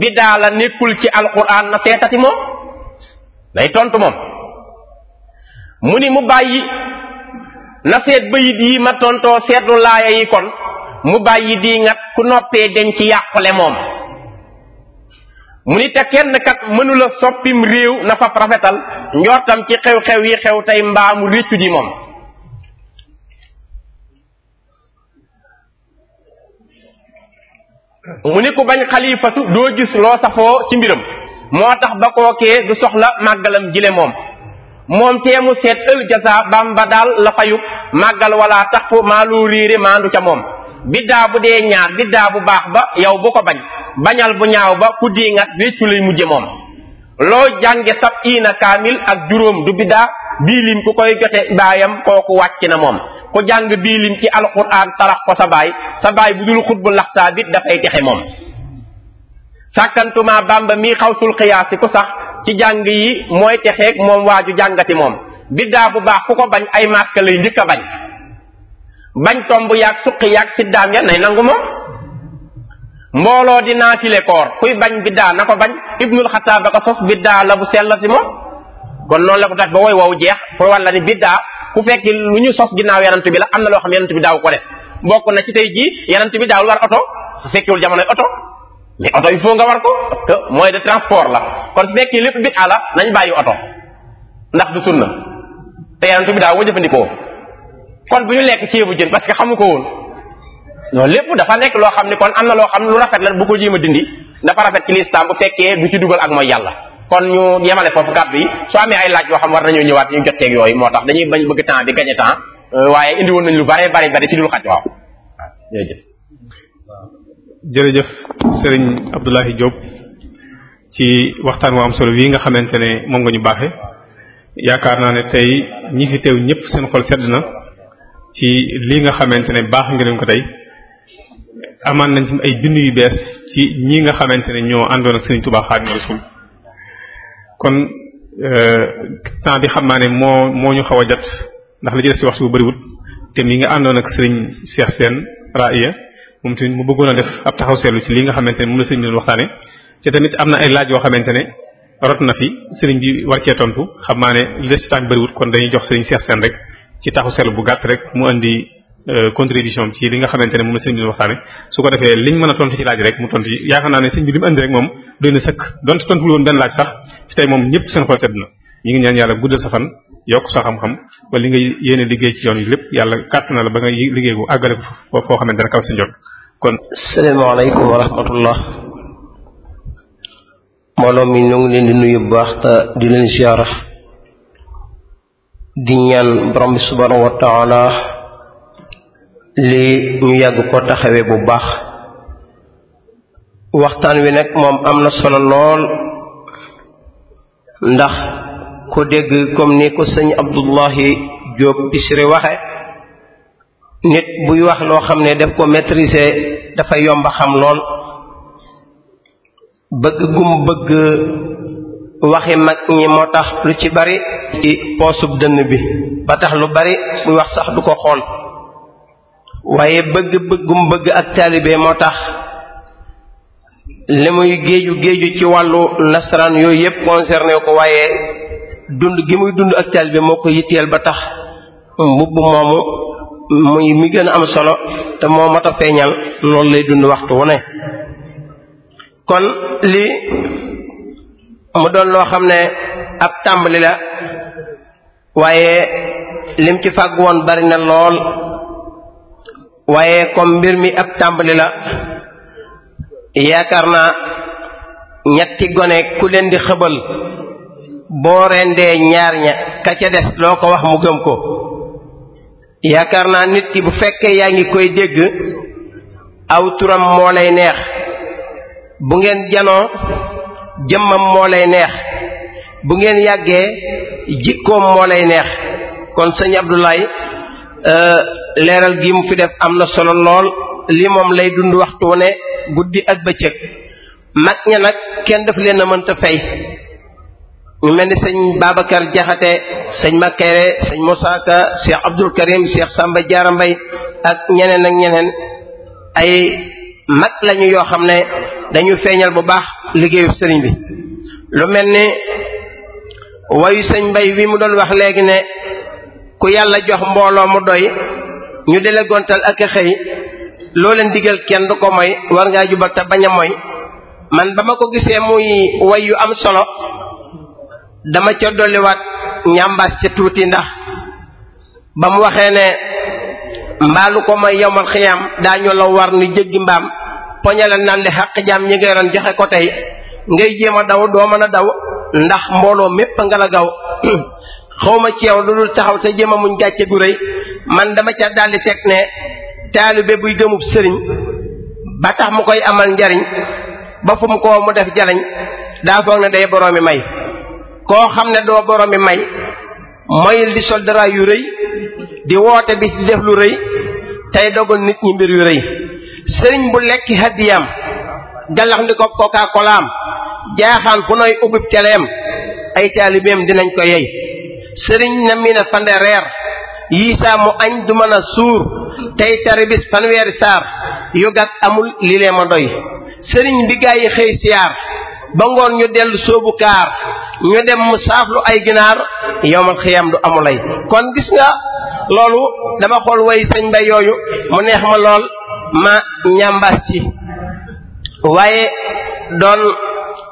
biddaa la nekkul ci alquran na seetati moom day tontu moom mu ni mu bàyyi na seet bayit yi ma tontoo seetlu laaya yi kon mu bàyyi di ngat ku noppee deñ ci yàqule moom mu ni te kenn kat mënula soppim réew na fa rafetal njortam ci xew-xew yi xew tey mbaamu réccu ji moom mu ni ku bañ xalifatu doo gis loo safoo ci mbiram moo tax ba kookee du soxla màggalam jile moom moom teemu seet ël jasa bamba daal la fayuk màggal wala tax fu maalu riire maandu ca moom biddaa bu dee ñaar biddaa bu baax ba yow bu ko bañ bañal bu ñaaw ba ku diingat réccu lay mujje moom loo jànge sab iina kaamil ak juróom du biddaa bii lim ku koy jote baayam kooku wàcc na moom ku jàng bii lim ci alxuraan sarax ko sa baay sa baay bu dul xutbu laxtaa bit dafay texe moom sàkkantuma bàmba mii xaw sul xiyaasi ku sax ci jàng yi mooy texeeg moom waaju jàngati moom biddaa bu baax ku ko bañ ay màkk lay njëkk a bañ bañ tomb yaag suqi yaag siddaam ya nay nangu moom mbooloo dinaa naafile koor kuy bañ biddaa na ko bañ ibnul xataab ba ko sos biddaa la bu sell si moom kon noonu la ko tax ba woy wow jeex pour walla ni biddaa ku fekk lu ñu sos ginnaaw yanant bi la am na loo xam yanant bi daaw ko def bokk na ci tey jii yanant bi daawul war oto su fekkiwul jamonoy oto mais oto il faut nga war ko mooy de transport la kon su fekkee lépp biddaa la nañ bàyyi oto ndax du na te yanant bi daa ko jëfandikoo kon bu ñu lekk ceebu jën parce que xamu ko woon loolu lépp dafa nekk loo xam ne kon am na loo xam ne lu rafet la bu ko jéem a dindi dafa rafet ci lislaam bu fekkee du ci dugal ak mooy yàlla kon ñu yemale foofu kàddu yi soo amee ay laaj yoo xam war nañoo ñëwaat ñu jotteeg yooyu moo tax dañuy bañ bëgg temps bi gagné temps euh, waaye indi nañ lu bare bare bare ci dul xaj waaw jërëjëf jërëjëf sëriñ Abdoulahi Diop ci waxtaan wu am solo bii nga xamante ne moom nga ñu baaxe yaakaar naa ne tey ñi fi teew ñëpp seen xol sedd na ci lii nga xamante ne baax ngeen ko tey amaan nañ fi ay bind yu bees ci ñi nga xamante ne ñoo àndoon ak Sëriñ Tuubaa Xaadimu Rasuul kon euh, temps bi xam naa ne moo moo ñu xaw a jot ndax li ci des ci waxtu bu bëriwut te mi nga àndoon ak Sëriñ Seex Seen Raaya moom tamit mu bëggoon a def ab taxaw seetlu ci li nga xamante ne moom la sëriñ bi doon waxtaane te tamit am na ay laaj yoo xamante ne rot na fi sëriñ bi war cee tontu xam naa ne li des ci temps bi kon dañuy jox Sëriñ Seex Seen rek ci taxaw seetlu bu gàtt Euh, contribution ci li nga xamante ne moom la sëñ bi waxtaane su ko defee liñ mën a tontu ci laaj rek mu tontu yaakaar naa ne sëñ bi li mu indi rek moom doy na ñëpp seen xol sedd na ñu ngi ñaan yàlla sa fan yokk sa xam-xam ba li nga yéene liggéey ci yoon yi lépp yàlla kàtt na la ba nga liggéey bu àggale ko foo xamante ne kaw sa njot kon. salaamaaleykum wa rahmatullah mbooloo mi ñoo ngi leen di nuyu bu baax te di leen ziara di ñaan borom bi subhanahu wa lii ñu yàgg koo taxawee bu baax waxtaan wi nag moom am na solo lool ndax ku dégg comme ni ko sëñ Abdullahi Diop Bichri waxe nit buy wax loo xam ne def ko maîtriser dafa yomba xam lool bëgg gum bëgg waxi mag ñi moo tax lu ci bari ci poosub dënn bi ba tax lu bari buy wax sax du ko xool waaye bëgg bëggum bëgg ak taalibe moo tax li muy géeju géeju ci wàllu nasaraan yooyu yépp concerné ko waaye dund gi muy dund ak taalibe moo ko yitteel ba tax mbubb moomu muy mi gën a am solo te moo mat a feeñal loolu lay dund waxtu wu ne kon li mu doon loo xam ne ab tàmbali la waaye lim ci fàgg woon bari na lool waaye comme mbir mi ab tàmbali la yaakaar naa ñetti gone ku leen di xëbal boo rendee ñaar ña ka ca des loo ko wax mu gëm ko yaakaar naa nit ki bu fekkee yaa ngi koy dégg aw turam moo lay neex bu ngeen janoo jëmmam moo lay neex bu ngeen yàggee jikkoom moo lay neex kon sëñ Abdoulaye Euh, leeral gi mu fi def am na solo lool li moom lay dund waxtu wu ne guddi ak bëccëg mag ña nag kenn daf leen a mënta fay ñu mel ni sëñ Babacar Jaxate sëñ Makere sëñ Moussa Ka Cheikh Abdul Karim Cheikh Samba Diarra Mbaye ak ñeneen ak ñeneen ay mag lañu yoo xam ne dañuy feeñal bu baax liggéeyu sëriñ bi lu mel ni wayu sëñ Mbaye wi mu doon wax léegi ne ku yàlla jox mbooloo mu doy ñu dele gontal ak a xëy loo leen digal kenn du ko moy war ngaa jubal te bañ a moy man ba ma ko gisee muy way yu am solo dama ca dolliwaat ñàmbaas ca tuuti ndax ba mu waxee ne mbaalu ko moy yowmal xiyaam daañu la war ni jéggi mbaam poñale naan li xaq jaam ñi nga joxe ko tey ngay jéem a daw doo mën a daw ndax mbooloo mépp nga la gaw *clears throat* xawma ci yow lu dul taxaw te a muñ gàcce gu rëy man dama ca daldi seet ne taalibe buy gëmub sëriñ ba tax mu koy amal njariñ ba fu mu ko mu def jariñ daa foog ne day boroomi may koo xam ne doo boroomi may moyil di sol dara yu rëy di woote bi di def lu rëy tey dogal nit ñi mbir yu rëy sëriñ bu lekki haddiyam galax ndi ko coca jaaxaan fu noy ubbib teleem ay taalibeem dinañ ko yey sëriñ na miina fande reer yii mu añ du mën a suur tey tari bis fanweeri saar yu gàtt amul li ma doy sëriñ bi gaa yi xëy siyaar ba ngoon ñu dellu soobu kaar ñu dem mu saaflu ay ginaar yowmal xiyam du amulay kon gis nga loolu dama xool way sëñ Mbay yooyu mu neex ma lool ma ñàmbaas ci waaye doon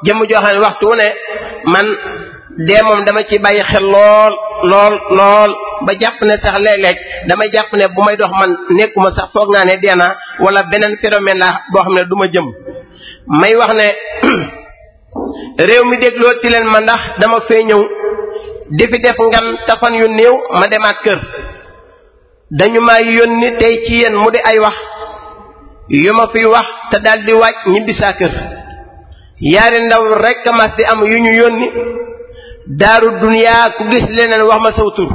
jëmm joo waxtu wu ne man dee moom dama ci bàyyi xel lool lool lool ba jàpp ne sax léeg-léeg damay jàpp ne bu may dox man nekkuma sax foog naa ne dee naa wala beneen phénomène la boo xam ne duma jëm may wax ne *clears throat* réew mi dégloo ti leen ma ndax dama fee ñëw di fi def ngan tafan yu néew ma demaat kër dañu ma yónni tey ci yéen mu di ay wax yu ma fiy wax te daldi wàcc ñibbi kër yaari ndaw rekk mas di am yu ñu yónni daaru duniyaa ku gis leneen wax ma saw tur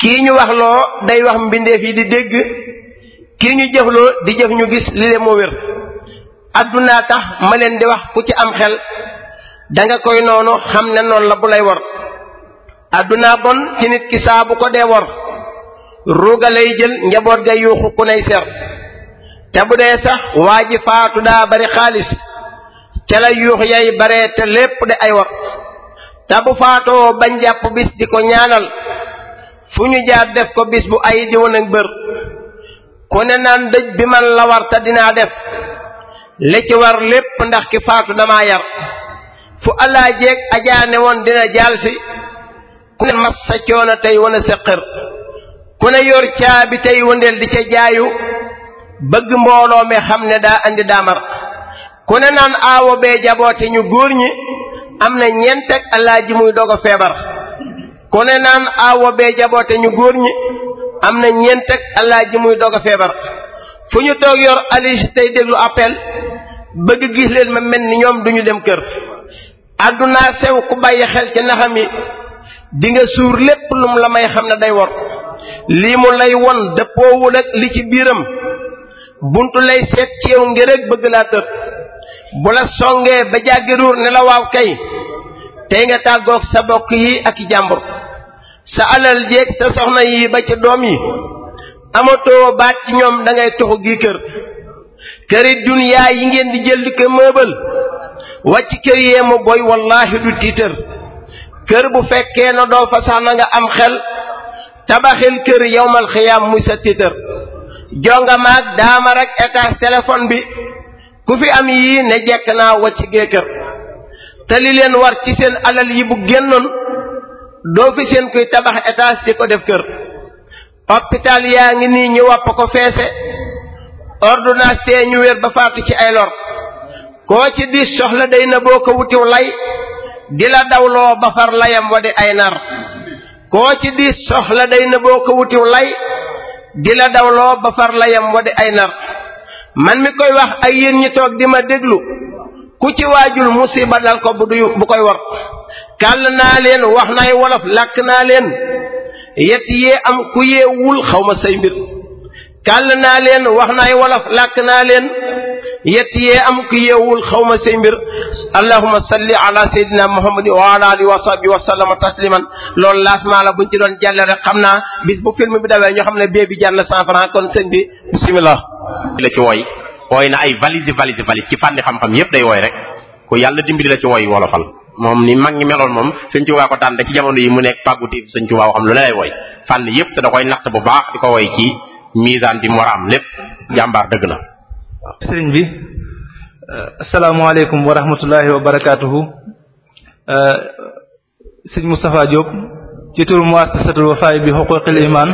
kii ñu wax loo day wax mbindeef yi di dégg kii ñu jëf di jëf ñu gis li leen moo wér addunaa tax ma leen di wax ku ci am xel danga koy noonu xam ne noon la bu lay wor addunaa bon ci nit ki saa ko dee wor ruuga jël njaboot ga yuuxu ku nay ser te bu dee sax waa ji faatu daa bari xaalis ca la yuux yay bare te lépp de ay wor te bu faatoo ba jàpp bis di ko ñaanal fu ñu jaar def ko bis bu ay di woon ak bër ku ne naan dëj bi man la war te dinaa def li ci war lépp ndax ki faatu dama yar fu allah jeeg ajaane woon dina jaalsi ku ne mas sa coono tey wane sa xër ku ne yor caabi tey wëndeel di ca jaayu bëgg mbooloo mi xam ne daa andi daamar ku ne naan aawo bee jabooti ñu góor ñi am na ñeenteeg alaaji muy a feebar ku ne naan awo bee jaboote ñu góor ñi am na ñeenteeg alaaji muy a feebar fu ñu toog yor alis tey déglu appel bëgg gis leen ma mel ni ñoom duñu dem kër àdduna sew ku bàyyi xel ci naxam yi di nga suur lépp lum la may xam ne day wor lii mu lay won dëppoowul ak li ci biiram bunt lay seet ci yow bëgg laa tër bu la songee ba jàggi ruur ne la waaw kay tey nga tàggook sa bokk yi ak jàmbur sa alal jeeg sa soxna yi ba ci doom yi amatoo baat ci ñoom dangay ngay gi kër këri duniyaa yi ngeen di jël di ko mëbal wàcc kër yee mu boy wallaahi du tiitër kër bu fekkee na doo fa sax nga am xel tabaxil kër yowmal xiyaam muy sa tiitër jonga maag daama rek étage téléphone bi ku fi am yii ne jekk naa wàcc gee kër te li leen war ci seen alal yi bu génnoon doo fi seen kuy tabax étage di ko def kër hôpital yaa ngi nii ñu wàpp ko feese ordonnance te ñu wér ba faatu ci ay lor koo ci di soxla day na boo ko wutiw lay di la dawloo ba far layam wa di ay nar koo ci di soxla day na boo ko wutiw lay di la dawloo ba far layam wa di ay nar man mi koy wax ak yéen ñi toog di ma déglu ku ci waajul musiba dal ko bu du bu koy war kàll naa leen wax naay wolof làkk naa leen yet yee am ku yeewul xaw ma say mbir kàll naa leen wax naay wolof làkk naa leen yett yee am ku yeewul xaw ma say mbir allahuma salli ala sayyidina muhammadin wa ala alihi wa sahbi wa sallama tasliman loolu laasmaa la buñ ci doon jàlle rek xam naa bis bu film bi dawee ñoo xam ne bee bi jar na kon sëñ bi bismillah la ci woy woy na ay valise valise valise ci fànni xam-xam yépp day woy rek ku yàlla dimbali la ci woy wolofal moom ni mag ñi meloon moom sëñ Tuubaa ko tànn ci jamono yi mu nekk pàgguti sëñ Tuubaa waxam lu ne lay woy fànn yépp te koy natt bu baax di ko woy ci misaan bi mu war a am lépp jàmbaar dëgg na waaw sëriñ bi asalaamaaleykum wa rahmatullahi wa barakaatuhu euh, sëñ Moustapha Diop ci turu muassasatul Wafa bi huquqil iman